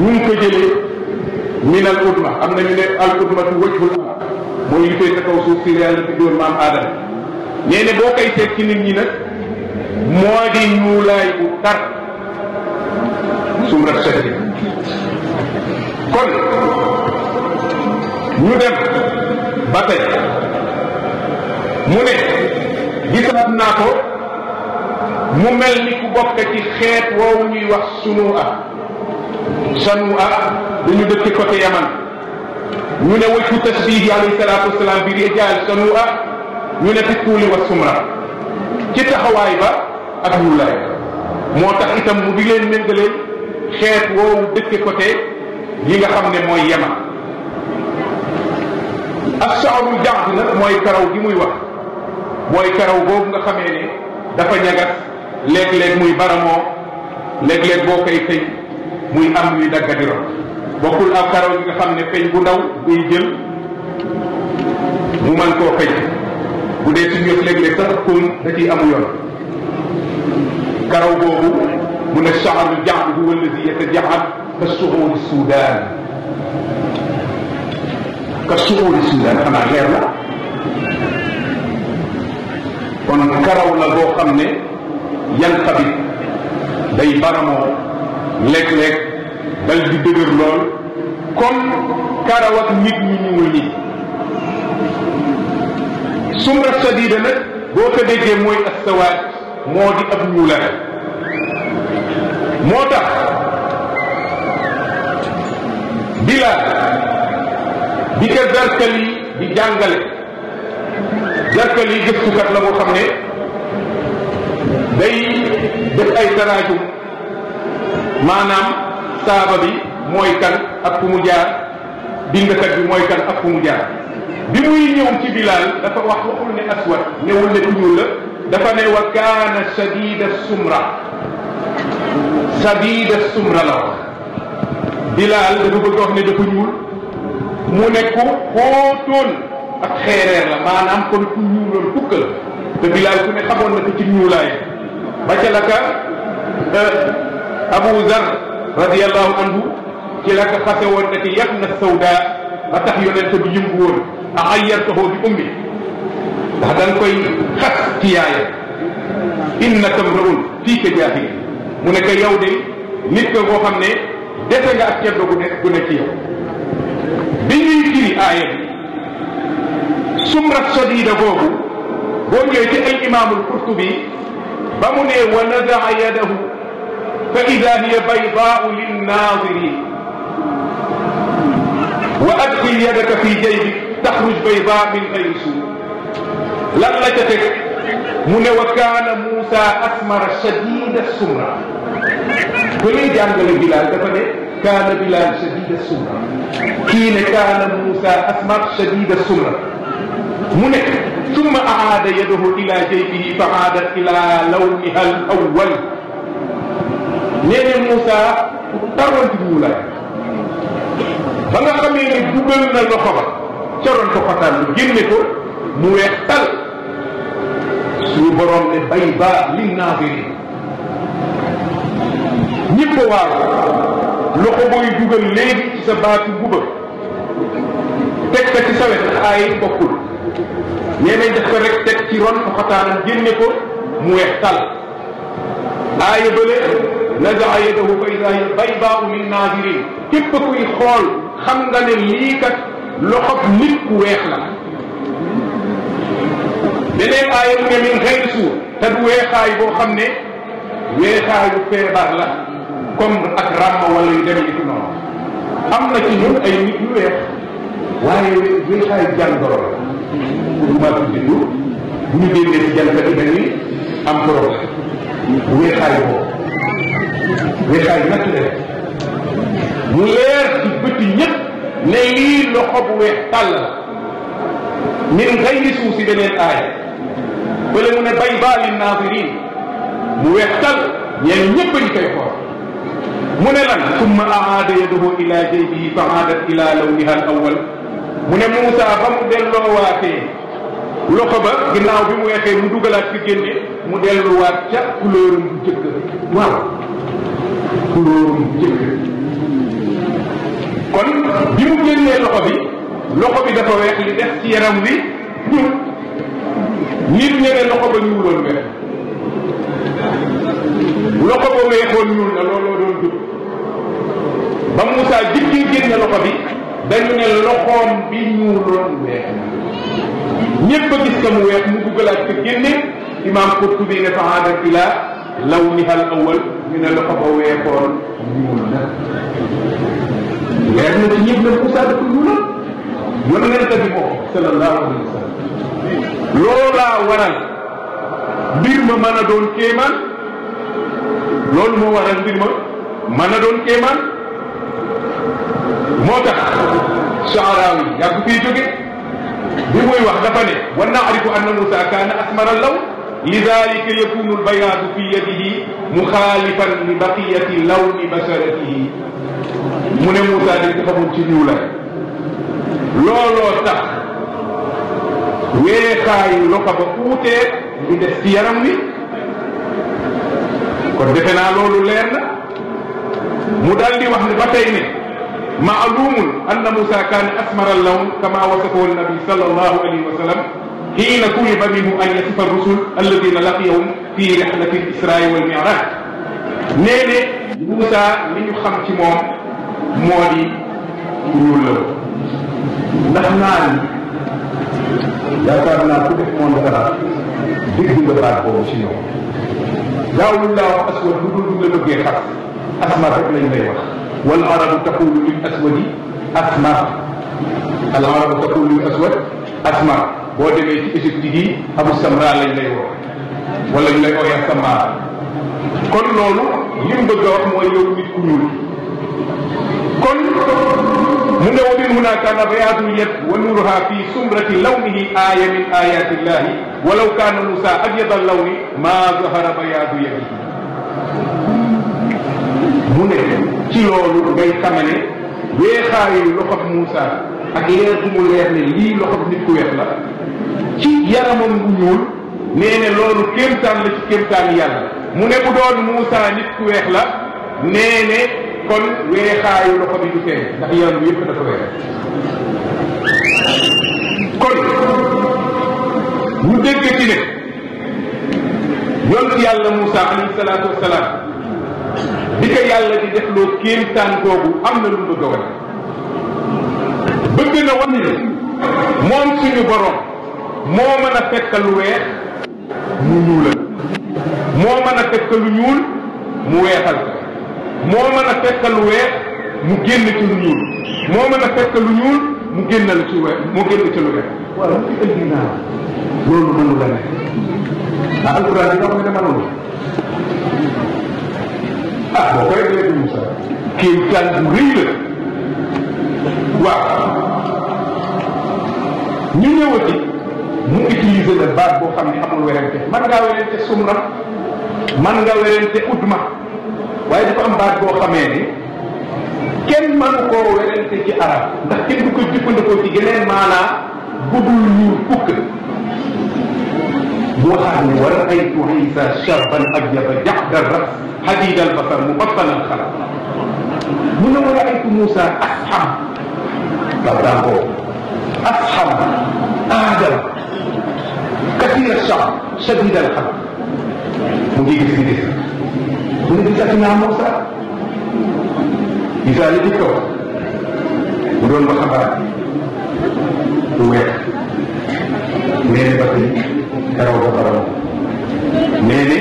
S3: ñu ngi ko jëlee min al udma am nañu ne al udmatu wajhul mooy li fee sa kaw suuf si yàlla si doon maam aadam nee ne boo koy seet ci nit ñi nag moo di ñuulaay bu tar sumratu kon ñu dem ba tey mu ne gisaat naa ko mu mel ni ku bokk ci xeet woowu ñuy wax sunu a sanu a dañu dëkk côté yaman ñu ne wëccu tasbih yi alayhi salaatu wasalaam bi rijaal sanu a ñu ne fi tuuli wa sumra ci taxawaay ba ak yuulaay moo tax itam mu di leen méngale xeet woowu dëkk côté yi nga xam ne mooy yaman ak saarul jaax nag mooy karaw gi muy wax mooy karaw boobu nga xamee ne dafa ñagat léeg muy baramo léeg-léeg boo koy muy am luy dagga di rot bokkul ak karaw bi xam ne feñ bu ndaw buy jël mu man koo feñ bu dee suñu yëf léeg-léeg sax kon da ciy amu yoon karaw boobu mu ne saaru jaxb huwa alladi yatajaxab ka suxuuri sudan ka suxuuri sudan xanaa leer la kon karaw la boo xam ne yan xabit day baramoo léeg-léeg dal di dëgër lool comme karaw ak nit ñu ñuul ñi sumra sadida nag boo ko déggee mooy astawaat moo di ab ñuulare moo tax bilaa bi ko verkal yi di jàngale jarkal yi gëstukat la boo xam ne day def ay taraaju maanaam saaba bi mooy kan ak fu mu jaar bindkat bi mooy kan ak fu mu jaar bi muy ñëw ci bilaal dafa wax waxul ne aswad ñëwul ne ku ñuul la dafa ne wa kaana sumra sadida sumra la wax bilaal dafa bëgg wax ne dafa ñuul mu nekku xóotoon ak xeereer la maanaam kon ku ñuuloon fukk la te bilaay ku ne xamoon na ko ci ñuulaay ba ca la ka eh, Abu Zar radiyallahu anhu ci la ka fase woon ne yàq na sawda ba tax yonent bi yëngu woon a ayyartahu bi ummi ndax dañ koy xas ci yaayam innaka mraun fii ka jaahil mu ne ko yow de nit ko boo xam ne dese nga ak ceddo gu ne bi ñuy firi aaya bi sumrat sadida boobu boo ñëwee ci al imaamul qurtubi ba mu ne wa nadaa yadahu fa ida hiya baydaau linnaadirin wa adxil yadaka fi jaybik taxruj baydaa min gayri suu lan la ca teg mu ne wa kaana Moussa asmara shadida sumra ba ñuy jàngale Bilal dafa ne kaana Bilal shadida sumra kii ne kaana Moussa asmar shadida sumra mu ne summa aada yadahu ila jaybihi fa aadat ila lawniha al awwal nee ne Moussa ku tawantigu la ba nga xamee ne dugal na loxo ba coroon ko fataan lu génne ko mu weex tal suñu borom ne bay ba lin naafiri ñëpp a waaw loxo booy dugal léegi ci sa baatu guba teg ko ci sawet ay bokkul nee nañ def ko rek teg ci ron xataanam génne ko mu weex tal aaya bële naza'a yadahu fa idaa hiya baydaa'u lin naaziriin képp kuy xool xam nga ne lii kat loxob nit ku weex la beneen aaya mu ne min xëyri suur te du weexaay boo xam ne weexaay bu baax la comme ak ràmm wala yu demee ci noonu am na ci ñun ay nit ñu weex waaye weexaay jàngoro la pour ma tudd ñu bu ñu génnee ci jàngat yi dañuy am problème weexaay boobu weexaay bi nag la mu leer ci bët yi ñëpp ne lii loxo bu weex tàll la min xayri suuf si beneen aaya bële mu ne bay baa li naasirin mu weex tàll ñeen ñëpp a ñu koy xool mu ne lan summa aada yadahu ila jaybihi fa aadat ila lawniha al awwal mu ne Moussa ba mu delloowaatee loxo ba ginnaaw bi mu weexee mu dugalaat fi génne mu delluwaat ca couleurum bu waaw couleurum bu kon bi mu génnee loxo bi loxo bi dafa weex li def ci yaram wi ñun nit ñe ne loxo ba ñuuloon weex loxo ba weexoon ñuul na looloo doon dugg ba Moussa jëkkee génne loxo bi dañu ne loxoom bi ñuuloon weex ñëpp a gis ko mu weex mu duggalaat ko génne imaam Qurtubi ne fa ila lawniha al awal loxo ba weexoon ñuul na leer na ci ñëpp na Moussa dafa ñuuloon yonente bi ko sallallahu alayhi wa sallam loolaa waral mbir ma mën a doon kéemaan loolu moo waral doon kéemaan moo tax soxaraaw yi yàgg fii jóge bi muy wax dafa ne wa naarifu anna Moussa kaana asmara law lidalika yakunu albayaadu fi yadihi muxaalifan mu ne Moussa dañ ci ñuul la looloo tax weexaayu loxo ba uutee di des ci yaram wi kon defe naa loolu leer mu daal di wax ne معلوم أن موسى كان أسمر اللون كما وصفه النبي صلى الله عليه وسلم حين طلب منه أن يصف الرسل الذين لقيهم في رحلة الإسراء والمعراج nee ne Moussa li ñu xam ci moom moo di ñuul la ndax naa ni yaakaar naa ku def moom dara dégg nga baat boobu ci ñoom daawul laa wax aswad bu dul nga bëggee xar asmar rek lañ lay wax wal arabu taqulu lil aswadi asma al arabu taqulu lil aswad asma boo demee ci Égypte gi abu samra lañ lay woo wala ñu lay ooy asma kon loolu li mu bëgg a wax mooy yow nit ku ñuul kon mu ne wa min hunaka nabiatu yad wa nuruha fi sumrati lawnihi aaya min ayati illahi walaw kana musa abyada lawni ma zahara bayadu yadihi mu ne ci loolu ngay xame ne weexaayu loxob Moussa ak leer bu mu leer ne lii loxob nit ku weex la ci yaramam bu ñuul nee ne loolu kéemtaan la ci kéemtaan yàlla mu ne bu doon Moussa nit ku weex la nee ne kon weexaayu loxo bi du feeñ ndax yàlla Moussa alayhi salaatu wasalaam bi ko yàlla di def loo kéemtaan googu am na lu mu bëgg a bëgg na wane ne moom suñu borom moo mën a fekk lu weex mu ñuulal moo mën a fekk lu ñuul mu weexal moo mën a fekk lu weex génn ci lu ñuul moo mën a fekk lu ñuul mu génnal ci weex mu génn ci lu weex loolu mënu ne alquran bi nga xam dama loolu ah boo koy dee duñu sax kii tànn bu rëy la waaw ñu ñëwati mu utiliser la baat boo xam ne amul werante man ngaa werante sumna man nga werante udma waaye dafa am baat boo xamee ni kenn mënu koo werante ci arab ndax kenn du ko jëfandikoo ci geneen maanaa budul ñuul fukk mu waxaat ne war aytu isa sharban ajaba jaxda ras xadid al basar mu battan al xalaq mu ne war aytu Moussa asxam batanko asxam aadal kathir shab shadid al xalaq mu ngi gis gis mu ne gisati naa Moussa isa li di kaw mu doon ba xabaar bu weex nee na ba tey daraw ba borom nee ne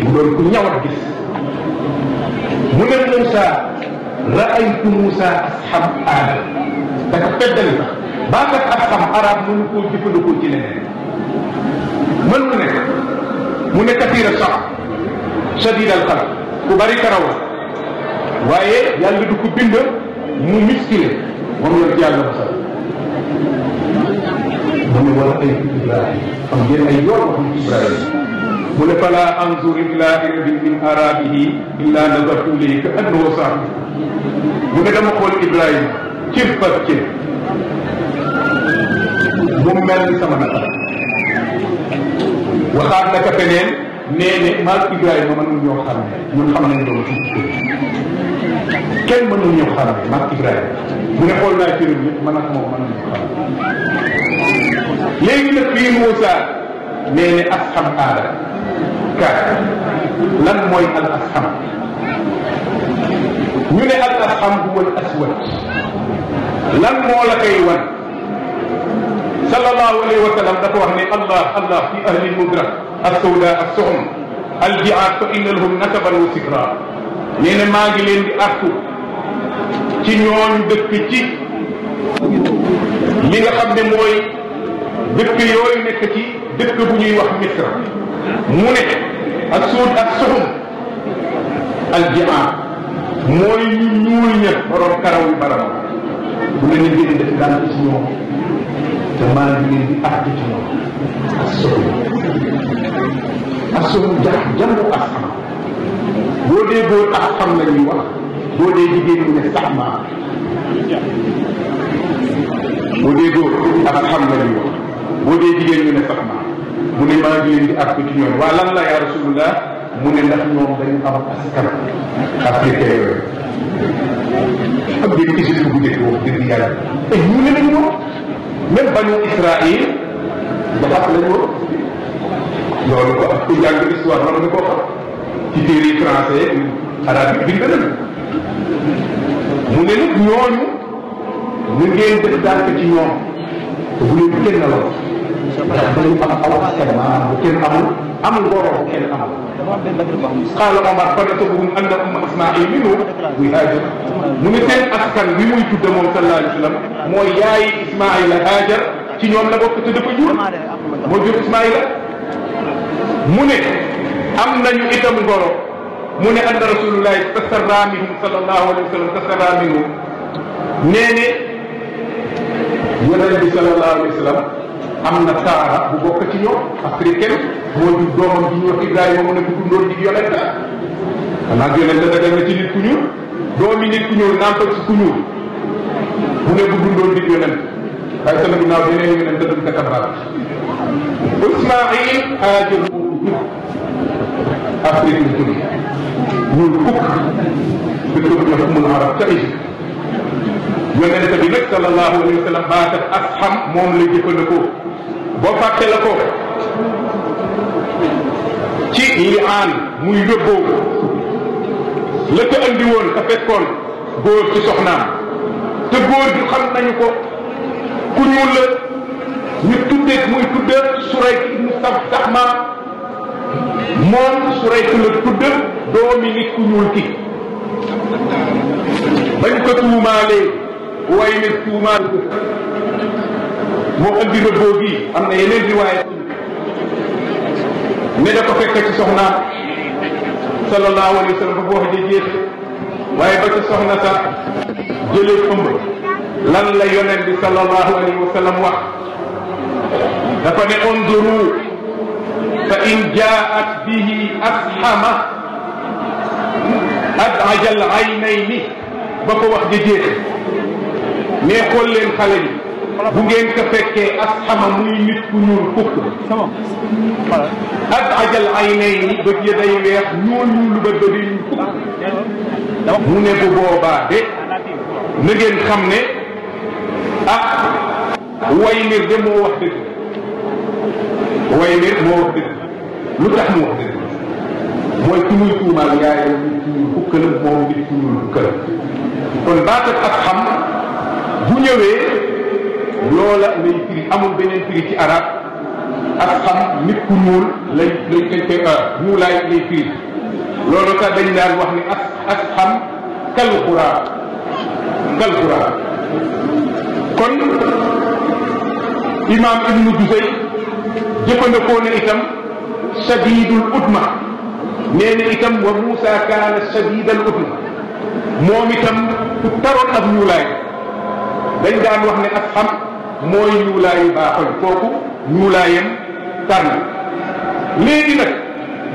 S3: mu doon ku ñaw a gis mu ne Moussa raaytu Moussa asxab aadam baa nga asxam arab mënu koo jëfandikoo ci leneen mën mu ne mu ne kasiira sax sadid al xalam ku bari karaw la waaye yàlla du ko bind mu miskile moom la yàlla mosal mu ne wala ay Ibrahima xam ngeen fala anzur ila irabin min arabihi illa nazartu ilayhi ka annahu sax mu ne dama xool Ibrahima cër ba cër mu mel ni sama naka waxaat naka feneen nee ne maag Ibrahima mënuñ ñoo xam ne ñun xam nañ loolu kenn mënuñ ñoo xam ne maag Ibrahima mu ne xool naa cëram yëpp man ak moom mën nañu léegi nag bii Moussa nee ne asxam aada kat lan mooy al asxam ñu ne al asxam huwal aswad lan moo la koy wan sallallahu alayhi wa sallam dafa wax ne allah allah fi ahli mudrak assawda assuhum aljiaat fa inna lahum nakaban wa sikra nee na maa ngi leen di artu ci ñooñ dëkk ci li nga xam ne mooy dëkk yooyu nekk ci dëkk bu ñuy wax misra mu ne ak suud ak suxum aljamaa mooy ñu ñuul ña borom karaw yu barama bu
S2: la ngeen gën def daan ci ñoom te maa ngi leen di àgg ci ñoom ak suxum ak suxum jax jàngu ak xam
S4: boo
S3: dee góor ak xam la ñuy wax boo dee jigéen ñu ne sax maa boo dee góor ak xam la ñuy wax boo dee jigéen ñu ne sax naa mu ne maa ngi leen di àgg ci ñoom waa lan la yaa rasulullah mu ne ndax ñoom dañu am askan yooyu ak benn Égypte bu njëkk boobu dëgg yàlla te eh, ñu ne nañ ñoom même banu Israël dafa am lañ loolu ko ak ku jàng histoire war na koo xam ci téere français arabe bi bind na mu ne nag ñooñu ñu ngeen def dànk ci ñoom te bu leen kenn la ndax dañu am aw askan maanaam bu kenn amul amul borom bu kenn amul xaala Omar fa natabahum anna umma Ismail minu hajar mu ne seen askan wi muy tudde moom sallallahu alayhi wa sallam mooy yaayi Ismail hajar ci ñoom la bokk te dafa jur moo jur Ismail mu ne am nañu itam ngoro mu ne anna rasulullahi tasarra minhum sallallahu alayhi wa sallam tasarra minhum nee ne yonent bi sallallahu alayhi wa am na taara bu bokk ci ñoom africaine moo jur doomam bi ye wax Ibrahima mu ne bu dundoon di yonent la xanaa yonent la dagal na ci nit ku ñuul doomi nit ku ñuul nàmpal si ku ñuul bu ne bu dundoon di yonent waaye sama ginnaaw yeneen yonent dañ ko tabaal Ismaïl aajo Afrique la jóge ñuul
S4: kukk dëkk
S3: bu ñu wax arab ca Égypte yonent bi nag sallallahu alayhi wa sallam baatab asxam moom la jëfandikoo boo fàtte la ko ci li aan muy yóbboo la ko andi woon te fekkoon góor ci soxnaam te góor bi xam nañu ko ku ñuul la ñu tuddee muy tudda Surayk ibnu Saxma moom Surayk la tudda doomi nit ku ñuul ki bañ ko tuumaalee way ne tuumaal ko moo andi rëbboo gi am na yeneen riwaaya ne da ko fekk ci soxnaam sallallahu alayhi wa sallam ba wax ji jeex waaye ba ca soxna sax jëlee ëmb lan la yonent bi sallallahu alayhi wa sallam wax dafa ne unduru fa in jaat bihi afhama ad ajal aynayni ba ko wax ji jeex mais xool leen xale bi bu ngeen ko fekkee asxama muy nit ku ñuul kukk ak ajal ay nay ni bët ya day weex ñoo ñuulu ba bëri ñu kukk mu ne bu boobaa de na ngeen xam ne ah way mir de moo wax dëgg way mir moo wax dëgg lu tax mu wax dëgg mooy ku muy tuumaal yaayam nit ku ñuul kukk la moom nit ku ñuul kukk la kon baatak ak xam bu ñëwee loola lay firi amul beneen firi ci arab ak xam ku ñuul lay lay dañ koy euh, ñuulaay lay firi loolu wax ni ak ak xam kal xuraa kal xuraa kon imam ibnu Juzay jëfandikoo na itam shadidul utma nee na itam wa Moussa kaana shadidal utma moom itam ku taroon ak ñuulaay dañ daan wax ne ak xam mooy ñuulaayu baaxoñ kooku ñuulaayam tar na léegi nag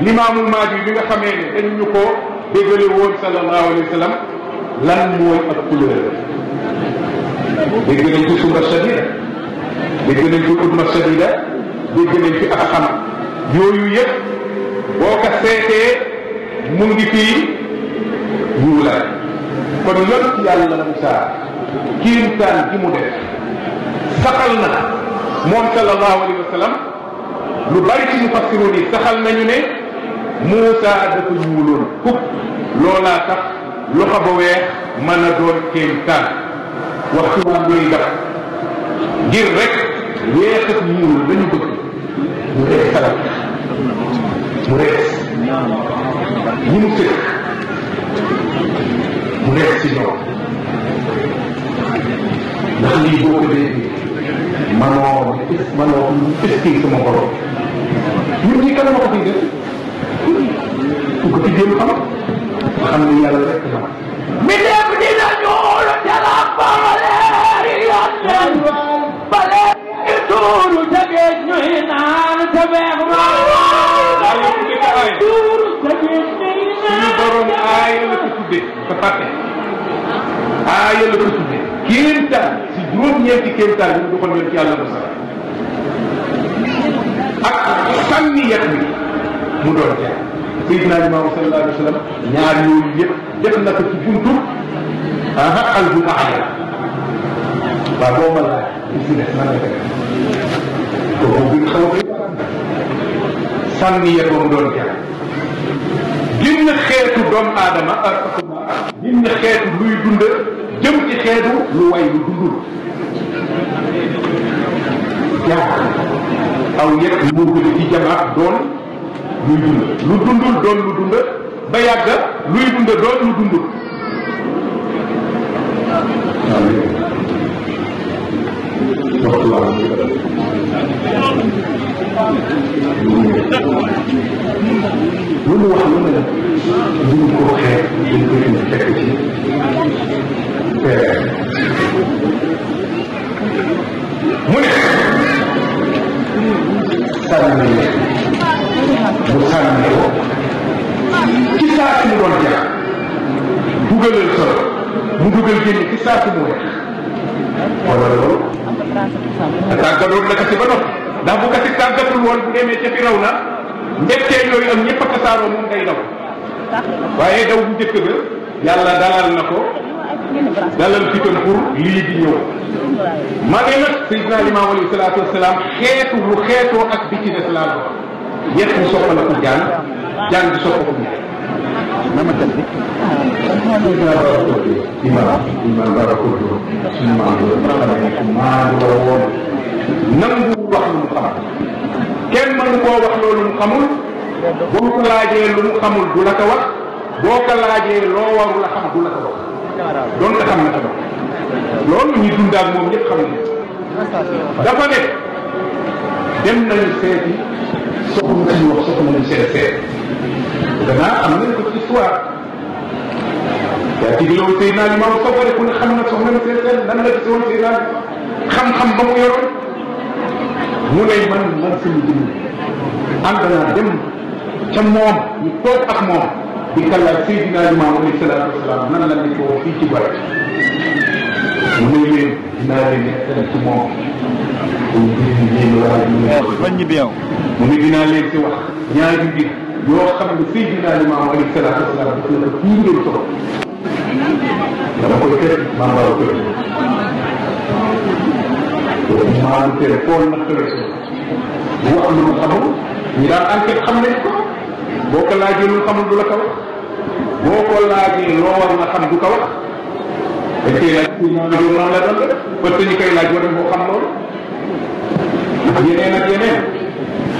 S3: limaamul maaj bi bi nga xamee ne dañ ñu ko déggale woon sallallahu alayhi wa sallam lan mooy ak couleur dégg nañ ci sumba sadida dégg nañ ci sadida dégg nañ ci ak xam yooyu yëpp boo ko seetee mu ngi fii kon lépp yàlla la mu kiimtaan gi mu def saxal na moom sallallahu alayhi lu bari ci mufassiru yi saxal nañu ne Muusa dafa ñuuloon kub loolaa tax loxo ba weex mën a doon kéemtaan waxtu woon luy def ngir rek weex ak ñuul lañu bëgg
S4: mu
S2: rees xalaat mu rees ñi mu sëg mu rees ci ñoom
S3: ndax lii boo ko dee manoo manoo expliqué sama borom ñun ñi kan moo ko fiy def su ko fi jéem xam
S4: xam ni yàlla rek ma
S2: mi def dina ñuulu jala baleeri yonnen baleeri tuuru jageej ñuy naan te beex ma tuuru jageej ñuy naan suñu borom
S3: aaya la ko tudde sa fàtte aaya la ko tudde kéemtaan si juróom-ñeenti kéemtaan yi mu doxal yoon ci yàlla mos ak sànni yet bi mu doon teel. Seydina Limaamu sallallahu alayhi wa sallam ñaar yooyu yëpp def na ko ci buntu aha albu aaya waaw boo mën laa si des nan la ko def kooku bu ñu xaw a sànni yet ba mu doon teel. gën na xeetu doomu aadama ak gën na xeetu luy dund. jëm ci xeetu lu way lu dundul jaaxal aw yëpp moo gën ci jamaat doon luy dund lu dundul doon lu dund ba yàgg luy dund doon lu dundul
S2: lu mu wax lu ne duñ ko xeet duñ ko fekk ci mu ne sànni mu sànni ko ci saa si mu doon jeex
S3: dugalal sa mu dugal génn ci saa si mu wax wala loolu tàggaloon na kasi ba noppi ndax bu kasi tàggatul woon bu demee ca fi raw na njettee yooyu am ñëpp a tasaaroo moom day daw waaye daw bu njëkk ba yàlla dalal na ko dalal ci kon pour lii di ñëw maa ngi nag Seydina Limaamu alayhi salaatu wasalaam bi ci des laa mu sopp jaan jaan bi Seydina
S2: Babacar imam imam Babacar suñu maam wax lu mu xam kenn mënu
S3: koo wax loolu mu xamul boo ko lu mu xamul du la ko boo ko loo warul a xam du la ko doon na xam ne sabab loolu ñu dundaal moom ñëpp xam ne dafa ne dem nañu seeti soxna ñu wax soxna ñu seen seet danaa am nañ ko ci histoire yaa ci loolu tey naa limaamu safare ku ne xam na soxna ñu seen seet nan la gis woon tey xam-xam ba mu yoroon mu ne man dem ca moom ñu toog ak moom di kàllaat Seydina Limaamu alayhi salaatu wasalaam nan la nekkoo fii ci bari mu ne leen dinaa leen nettali ci moom mu ne dinaa leen ci wax ñaari mbir yoo xam ne Seydina Limaamu alayhi salaatu wasalaam daf la tuur leen solo dama koy tere maa war a tere maa tere foo nag tere wax lu mu xamul ñu daan enquête xam nañ ko boo ko laajee lu xamul la ko wax boo ko laajee loo war na xam du ko wax dañ koy laaj pour ñu doon noonu la doon def parce que ñu koy laaj war nañ koo xam loolu yeneen ak yeneen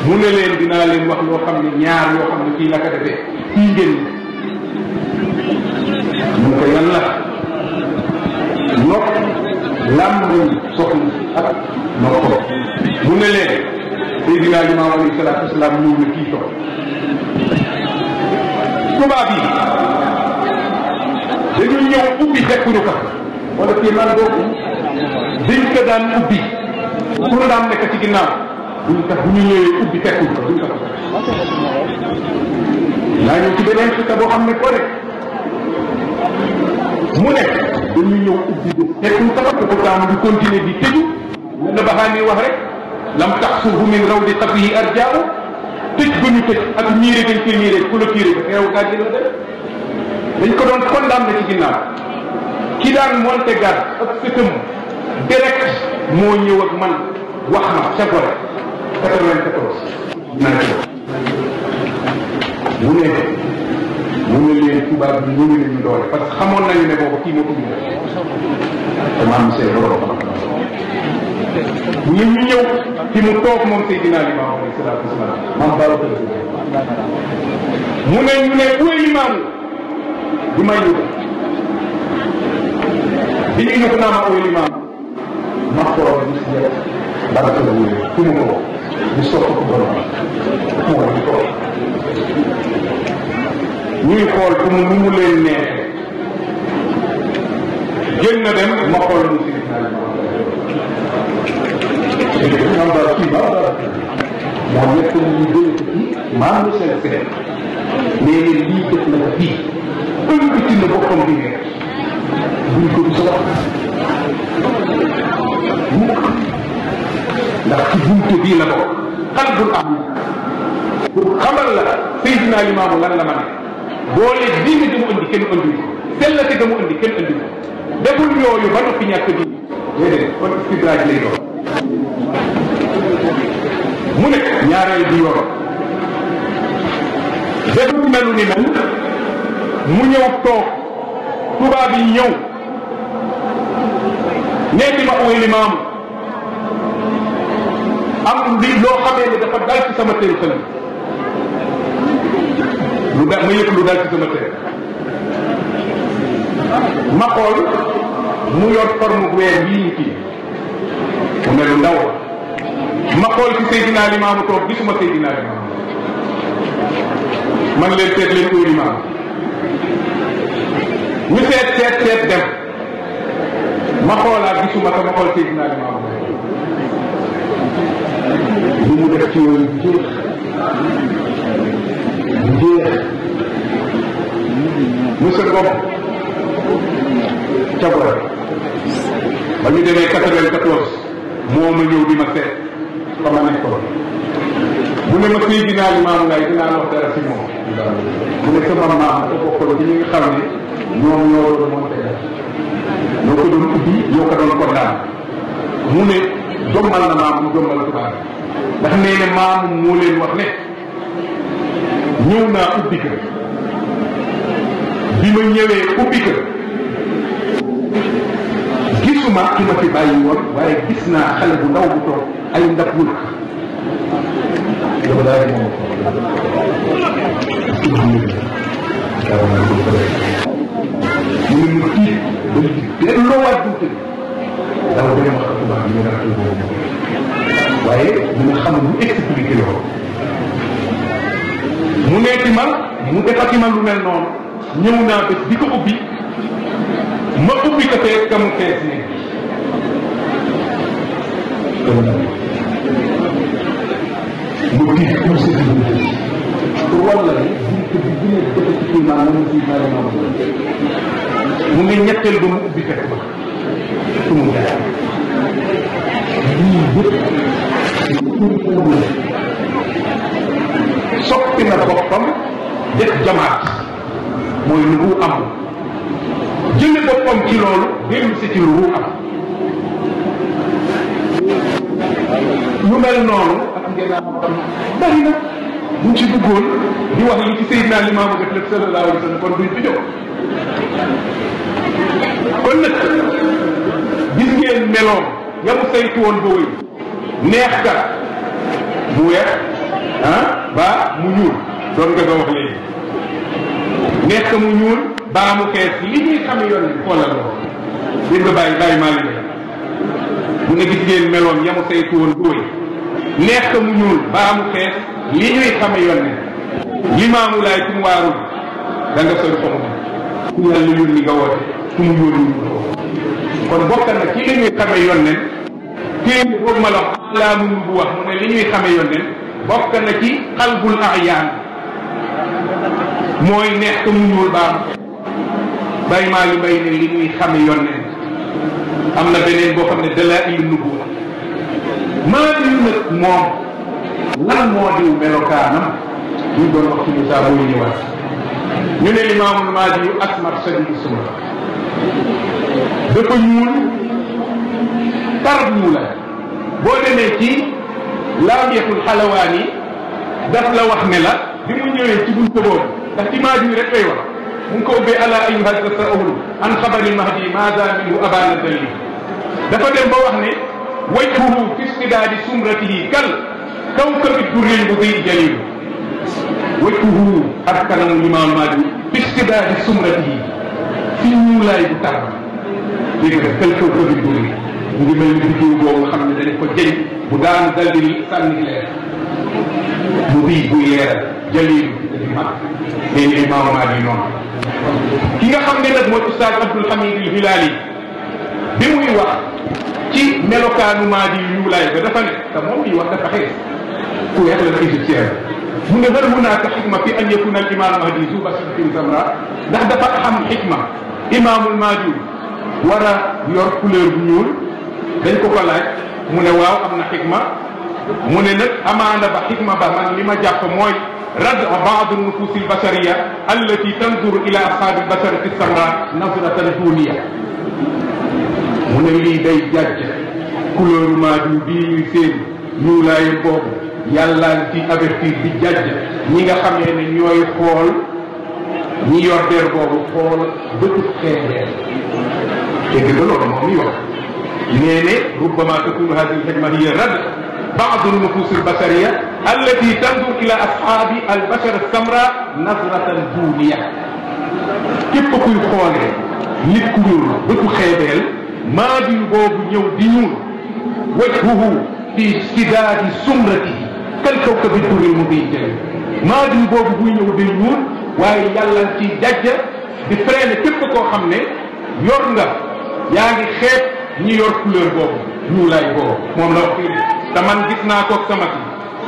S3: mu ne leen dinaa leen wax loo xam ne ñaar yoo ne kii la ko defee kii ngeen mu ne ko la mu ne kii soxna jumaa bi dañu ñëw ubbi fekkuñu ko wala fii man boobu dañ ubbi pour daan ci ginnaaw duñ ñu ñëwee ubbi fekkuñu ko duñ ko boo xam ne ko rek mu ne dañu ñëw ubbi du fekkuñu ko parce que daan di continuer di tëju la baxaan lam tax min raw di xab yi tëj ba ñu tëj ak miire gañ koy miire ku la tiire dañ ko doon condamné ci ginnaaw ki daan monte gar ak sëtëm direct moo ñëw man wax ma ca gore 94 naa ci mu ne mu ne leen tubaab bi mu ne leen doole parce que xamoon nañ ne boobu kii moo ko bindee te maam monsieur loolu ñun ñu ñëw ci mu toog moom Seydina Limaamu alayhi salaatu wasalaam maam Baro mu ne ñu ne bu limaam du may yóbbu bi ñu ko naa ma ooy limaam
S2: ma xool ñu si nekk baraka la wóoree ku mu ko wax ñu sopp ko borom mu wax ko ñuy xool ku mu nu mu leen
S3: neexee jël na dem ma xool ñu si
S2: Namba kii Namba daa nekk lu gën a kii maam la seen seen mais nag lii def na ko fii ëllëg na boppam bi ne buñ ko du sa wax
S4: mukk
S3: ndax ci bunte bii la ko xalbul am pour xamal la Seydina Limaamu lan la ma ne boole diine ga mu andi kenn andi ko sellate ga mu andi kenn andi ko deful yooyu ba noppi ñàkk diine déedéet kon istidraaj lay doon mu ne ñaareel bi yoon defut melu ni mel mu ñëw toog tubaab yi ñëw nee di ma uy limaam am li loo xamee ne dafa dal ci sama tëri xel lu da ma yëg lu dal ci sama tëri ma xool mu yor forme weer yii kii mu ne lu ndaw ma xool ci Seydina Limaamu toog gisuma Seydina Limaamu man leen seet leen kuy limaam ñu seet seet seet dem ma xoolaat gisuma ko ma xool
S2: Seydina Limaamu li mu def ci yooyu jeex jeex monsieur Ngom ca ba ñu demee
S3: quatre-vingt-quatorze moo ma ñëw di ma seet fa ma bu ne ma fii dinaa Limaamu Laay dinaa wax dara ci moom bu ne sama maam dafa bokkoon ci ñi nga xam ne ñoom ñoo doon monté ñoo ko doon ubbi ñoo ko doon ko daan mu ne jommal na maam mu jommal tubaab ndax nee na moo leen wax ne ñëw naa ubbi kër bi ma ñëwee ubbi kër gisuma ki ma fi bàyyi woon waaye gis naa xale bu ndaw bu toog ay ndab yu dama daal
S2: di moom mu
S3: tiit ba mu delloowaat tuuti daaw ba dem xam tubaab yi nga waaye dina xam lu expliqué loolu mu nekk man mu defati man lu mel noonu ñëw naa bés bi ko ubbi ma ubbi ko fee ka mu fees nii
S2: mu tiit pour sécurité pour wàllu la bi bu maanaam
S3: mu mu ngi ñetteel ba mu ubbi fekk ba pour mu gën a soppi na boppam def jamaat lu mu am jënd boppam ci loolu dellu si mu am noonu. Seydina
S4: Muhammad
S3: ci duggoon di wax li ci Seydina Limaamu def lépp sallallahu alayhi
S2: wa sallam
S3: gis ngeen meloon yamu saytu woon ba wéy neex kat bu weex ah baa mu ñuul doon nga ko wax léegi neex ka mu ñuul baa mu xees li ñuy xam yoon bi xoolal la ko dégg nga bàyyi bàyyi maa ngi bu ne gis ngeen meloon yamu saytu woon ba wéy neex ka mu ñuul baa mu xees li ñuy xame yoon li maamu laay ku mu waarul da nga koy ku mu lu nga woote ku mu ñuul li kon bokk na ci li ñuy xame yoon ne téem boobu ma la wax laa mu bu wax mu ne li ñuy xame yoon bokk na ci xalbul ayaan mooy neex ka mu ñuul baa mu xees bay maa bay ne li ñuy xame yoon am na beneen boo xam ne dalaa il nubuwa maa ngi nag moom lan moo diw melokaanam ñu doon wax ci Moussa booy ñëwaat ñu ne Imaamul Mahdi yu asmat sadiqi sunna dafa ñuul tar ñu la boo demee ci laabiyatul xalawaan yi daf la wax ne la bi mu ñëwee ci buntu boobu ndax ci Mahdi yi rek lay wax mu ngi ko ubbee ala ayyuha tasa'alu an xabari mahdi maada minhu abana dalil dafa dem ba wax ne وجهه في ازدداد سمرته كالكوكب الدري المضيء جليل وجهه أركان الإمام مالك في ازدداد سمرته في ñuulaay bu tar léegi nag kalkawkab الدري mu ngi mel ni biddiw boobu nga xam ne dañ ko jëñ bu daan dal di sànni leer mu di buy leeral jëliin dañuy mag léegi Imaamu Maalik noonu ki nga xam ne nag mooy Oustaz Abdoul Hamid al Hilaali bi muy wax ci melokaanu maadi yu laay ba dafa ne te moom yi wax dafa xees ku weex la égyptien mu ne hal hunaka xikma fi an yakuna al imam mahdi zu basiratin samra ndax dafa xam xikma imaamul mahdi war a yor couleur bu ñuul dañ ko ko laaj mu ne waaw am na xikma mu ne nag amaana ba xikma ba man li ma jàpp mooy rad baad nufus al basariya allati tanzuru ila ashaabi basarati samra nazratan mu ne lii day jàjj couleur maaju bii ñuy séen ñuulaayam boobu yàllaan ci avertir di jàjj ñi nga xamee ne ñooy xool ñi yor der boobu xool bëtu xeedeer dégg nga loolu moom mi wax nee ne rubbama takunu hadi lxijma hiya rad ba'du nufus albasariya allati tandur ila asxaabi albashar samra nazratan duuniya képp kuy xoolee nit ku ñuul bëtu xeebeel maadi boobu ñëw di ñuul wajhuhu fi sidaadi sumratihi kal kawkabi durri mu ngi jël maadi boobu buy ñëw di ñuul waaye yàlla ci jajja di freiné képp koo xam ne yor nga yaa ngi xeet ñi yor couleur boobu ñuulaay boobu moom la wax fii te man gis naa koog sama kii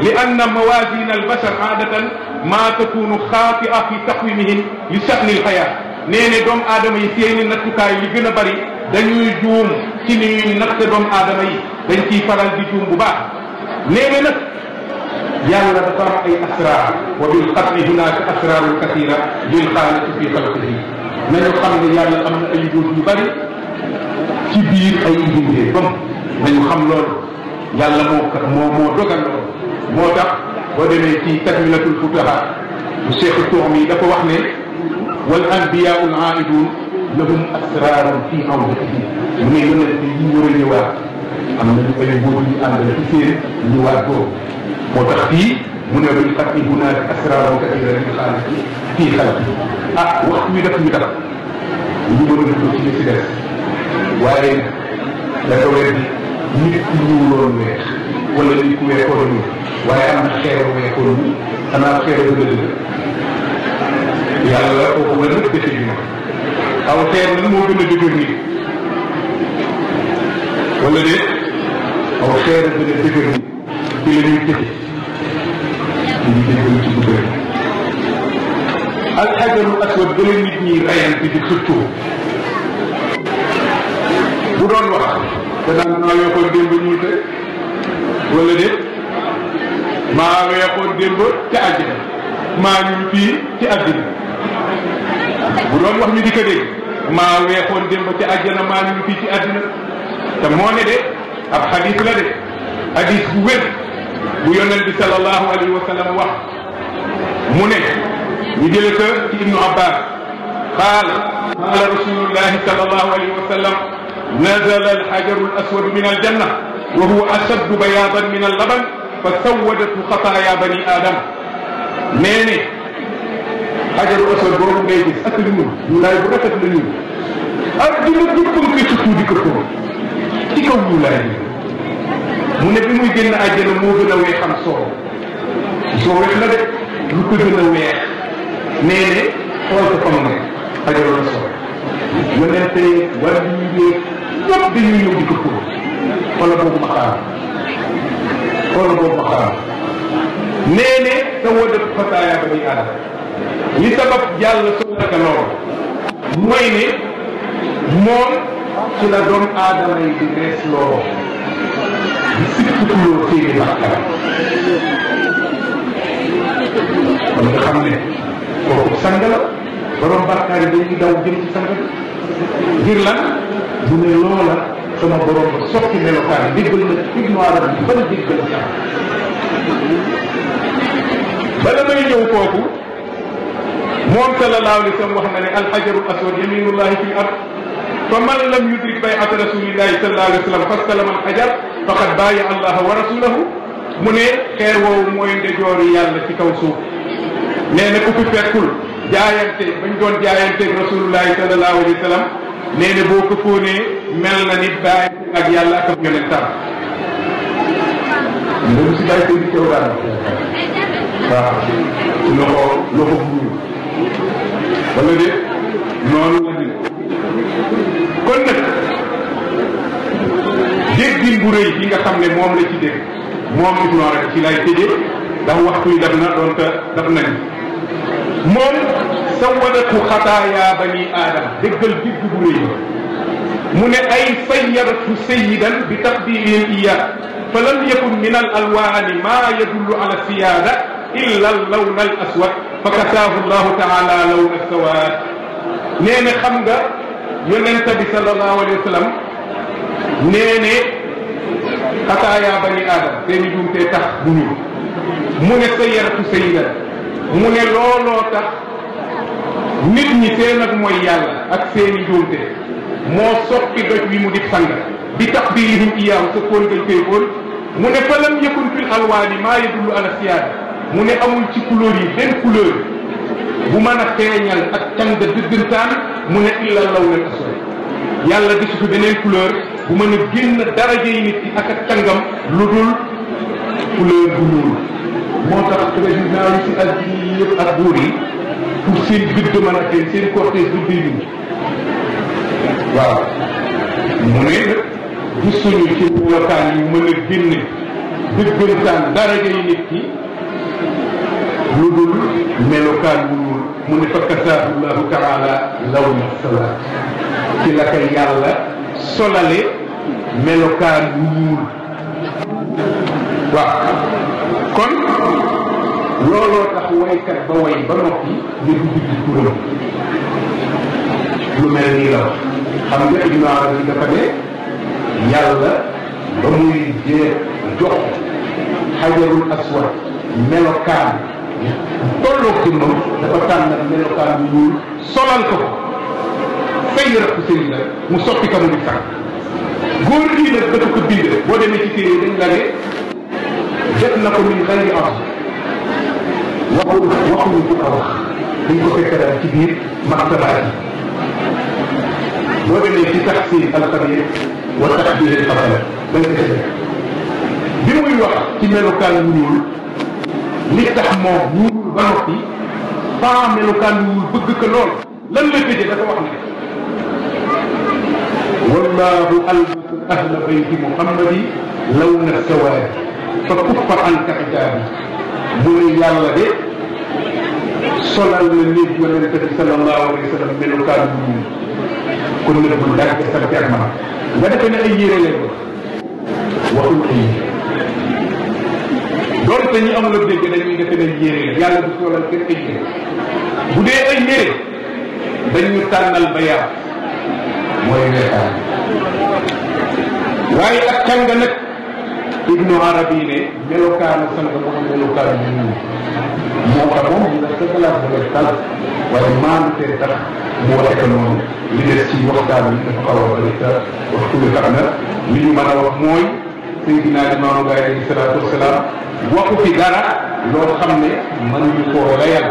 S3: li anna mawasin al bashar aadatan maa takunu xaatia fi taqwimihim li chahni l xayaat nee ne doomu aadama yi seeni nattukaay li gën a bari dañuy juum ci ni ñuy naxte doomu aadama yi dañ ciy faral di juum bu baax léegi nag yàlla dafa am ay asrar wa bil xatmi hunaaka asrarun kasira lil xaaliqi fi xalqihi nañu xam ne yàlla am na ay mbóot yu bari ci biir ay mbindee bam nañu xam loolu yàlla moo kat moo moo dogal loolu moo tax boo demee ci tajmilatul futuha bu Cheikh Tourmi dafa wax ne wal anbiyaul aidun lahum asrarun fi anfusihim mu ne yonent yi war a ñëwaat am na ñu ay góor ñu àndal ci seen ñëwaat boobu moo tax fii mu ne luy fàtti bu naa asrarun kathiran min xaalisi fii xalqi ah wax ñu def ñu def ñu mën a dugg ci li ci des waaye dafa wér nit ku ñuuloon weex wala nit ku weexoon ñu waaye am na xeer weexoon ñu xanaa xeer dëgg-dëgg yàlla waxu la nag dëgg bi xaw xeer lan moo gën a dëgër nii wala de xaw xeer gën a dëgër nii ci la ñuy tëje
S2: ñu déglu ci bu bëri
S3: al xajaru aswad ba la nit ñi rayante di xëccoo bu doon wax te daan maa weexoon démb ñuul te wala de maa weexoon démb ci àddina maa ñuul fii ci àddina bu doon wax ñu di ko dégg maa weexoon démb ci àjjana maa ñu fii ci àddina te moo ne de ab xadis la de xadis bu wér bu yonent bi sallallahu alayhi wa sallam wax mu ne ñu jële ko ci ibnu abbas qaal qaala rasulullahi sallallahu alayhi wa sallam nazala alxajaru alaswadu min aljanna wa huwa ashaddu bayaadan min allaban fa sawadathu xataaya bani aadama nee ne xajaru aswad boobu ngay gis ak li ñuul ñuulaay bu rafet la ñuul adduna bi pënk ci tuuti ko ko ci kaw ñuulaay bi mu ne bi muy génn àjjana moo gën a weexam soow soo weex na de lu ko gën a weex nee ne xool ko fam ne xajaru aswad yonente wàllu yi ñëpp dañuy ñëw di ko ko xoola boobu maxaar xoola boobu maxaar nee ne sa woo def fataaya ba muy aadama li sabab yàlla su naka lool mooy ne moom ci la doom aadama yi di rees loo di sikkutloo seeni bàkkar kon nga xam ne kooku sang la borom bàkkaar yi dañuy daw jëm ci sang ngir lan mu ne loola sama borom ba soppi melokaan déggal na ibnu adam bi ban déggal ba moom sallallahu alayhi wa sallam wax na ne alxajaru aswad yaminullahi fi l ard fa man lam yudrik bayata rasulillahi sallallahu alayhi wa sallam fastalama alxajar faqad baaya allaha wa rasulahu mu ne xeer woowu mooy ndejooru yàlla ci kaw suuf nee na ku fi fekkul jaayante bañ doon jaayanteeg rasulullahi sallallahu alayhi wa sallam nee na boo ko fóonee mel na ni bàyyi ak yàlla ak ab yonentam ndax si bàyyi ko di teew daal
S4: waaw
S2: loxo loxo buuru wala de noonu la ñu kon nag
S3: déggin bu nga xam ne moom la ci dégg moom it noonu rek ci lay tëjee ndax waxtu yi daf na doon te daf nañ moom sawadatu xataaya bani aadama déggal digg bu rëy mu ne ay sayyartu sayyidan bi taqdirin iya fa lam yakun min al ma yadullu ala siyaada illa al lawn al aswad fa kasaahu llahu taala law na sawaat nee na xam nga yonent bi sallallahu alayhi wa sallam nee ne
S4: xataayaa bani
S3: aadam seeni jumtee tax bu ñu mu ne sa yaratu sayida mu ne looloo tax nit ñi seen ak mooy yàlla ak seeni jumte moo soppi doj wi mu di sang bi taqdirihim iyaahu sa koon gañ koy koon mu ne fa lam yakun fil alwaani maa yadullu ala siyaada mu ne amul ci couleur yi benn couleur bu mën a feeñal ak tàng dëggantaan mu ne illa law leen aswad yàlla gisu fi beneen couleur bu mën a génn daraja yi nit ki ak ak tàngam lu dul couleur bu ñuul moo tax président yi ci addina yi ak buur yi pour seen gëdd mën a génn seen cortège du déy waaw mu ne gisuñu ci melokaan yi mën a génn dëggantaan daraja yi nit ki lu dul melokaan bu ñuul mu ne fa kasaahullahu taala law na salaat ci la ko yàlla solale melokaan bu ñuul waaw kon looloo tax waykat ba way ba noppi di dugg ci lu mel tolloog jëmmam dafa tànn melokaan yu ñuul solal ko ko fay rakk sëriñ la mu soppi ko mu di sax góor gi nag dafa ko bind boo demee ci téere dañ la ne def na ko min xëy na waxul waxuñu bu ko wax dañ ko fekk ci biir maktabaat yi boo demee ci tax si alxabir wa tax bi leen xasala dañ ko fekk bi muy wax ci melokaan yu ñuul li tax moom wuurul ba noppi pas melukaan wuul bëgg ko lool lan la tëjee dafa wax ne wallahu albasu ahla bayti muhammadi law na sawaari fa kuffa anka xijaabi bu ne yàlla de solal na nit yonente bi sallallahu alayhi wa sallam melukaan wuul kon ne bul dàgg sa ak ma nga defe ne ay yére leen ko waxul ay doon dañu amul dégg dañuy defe ne yére la yàlla du solal seen ay yére bu dee ay yére dañu tànnal bayaat mooy weexaar waaye ak kan nga ibnu arabi ne melokaanu sang moom melokaanu ñu moo tax moom ñu def sa waaye maanu tee mu waxe ko noonu li des ci waxtaan bi dafa xaw a bari te waxtu bi tax na li ñu mën a wax mooy Seydina Limaamu Laay alayhi salaatu wasalaam waxu fi dara loo xam ne mënuñu koo layal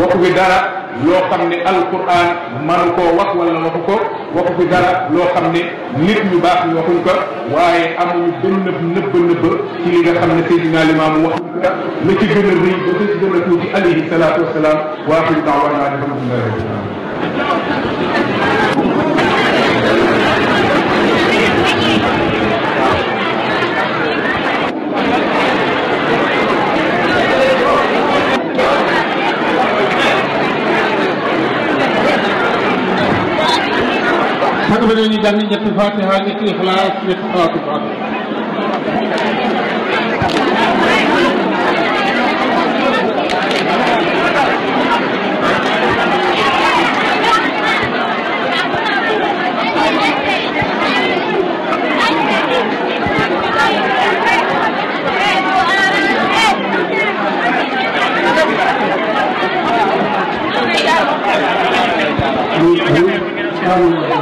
S3: waxu fi dara loo xam ne alquran mënu koo wax wala waxu ko waxu fi dara loo xam ne nit ñu baax ñu waxuñ ko waaye amuñu benn nëbb nëbb ci li nga xam ne Seydina Limaamu wax la ci gën a rëy ba ci gën a tuuti alayhi salaatu wasalaam wa axiru daawaanaa an alhamdulillahi rabbil alamin fekk fa dañuy jàng ñetti fatiha ñetti ixlaas ñetti xalaatu fatiha
S2: Thank you.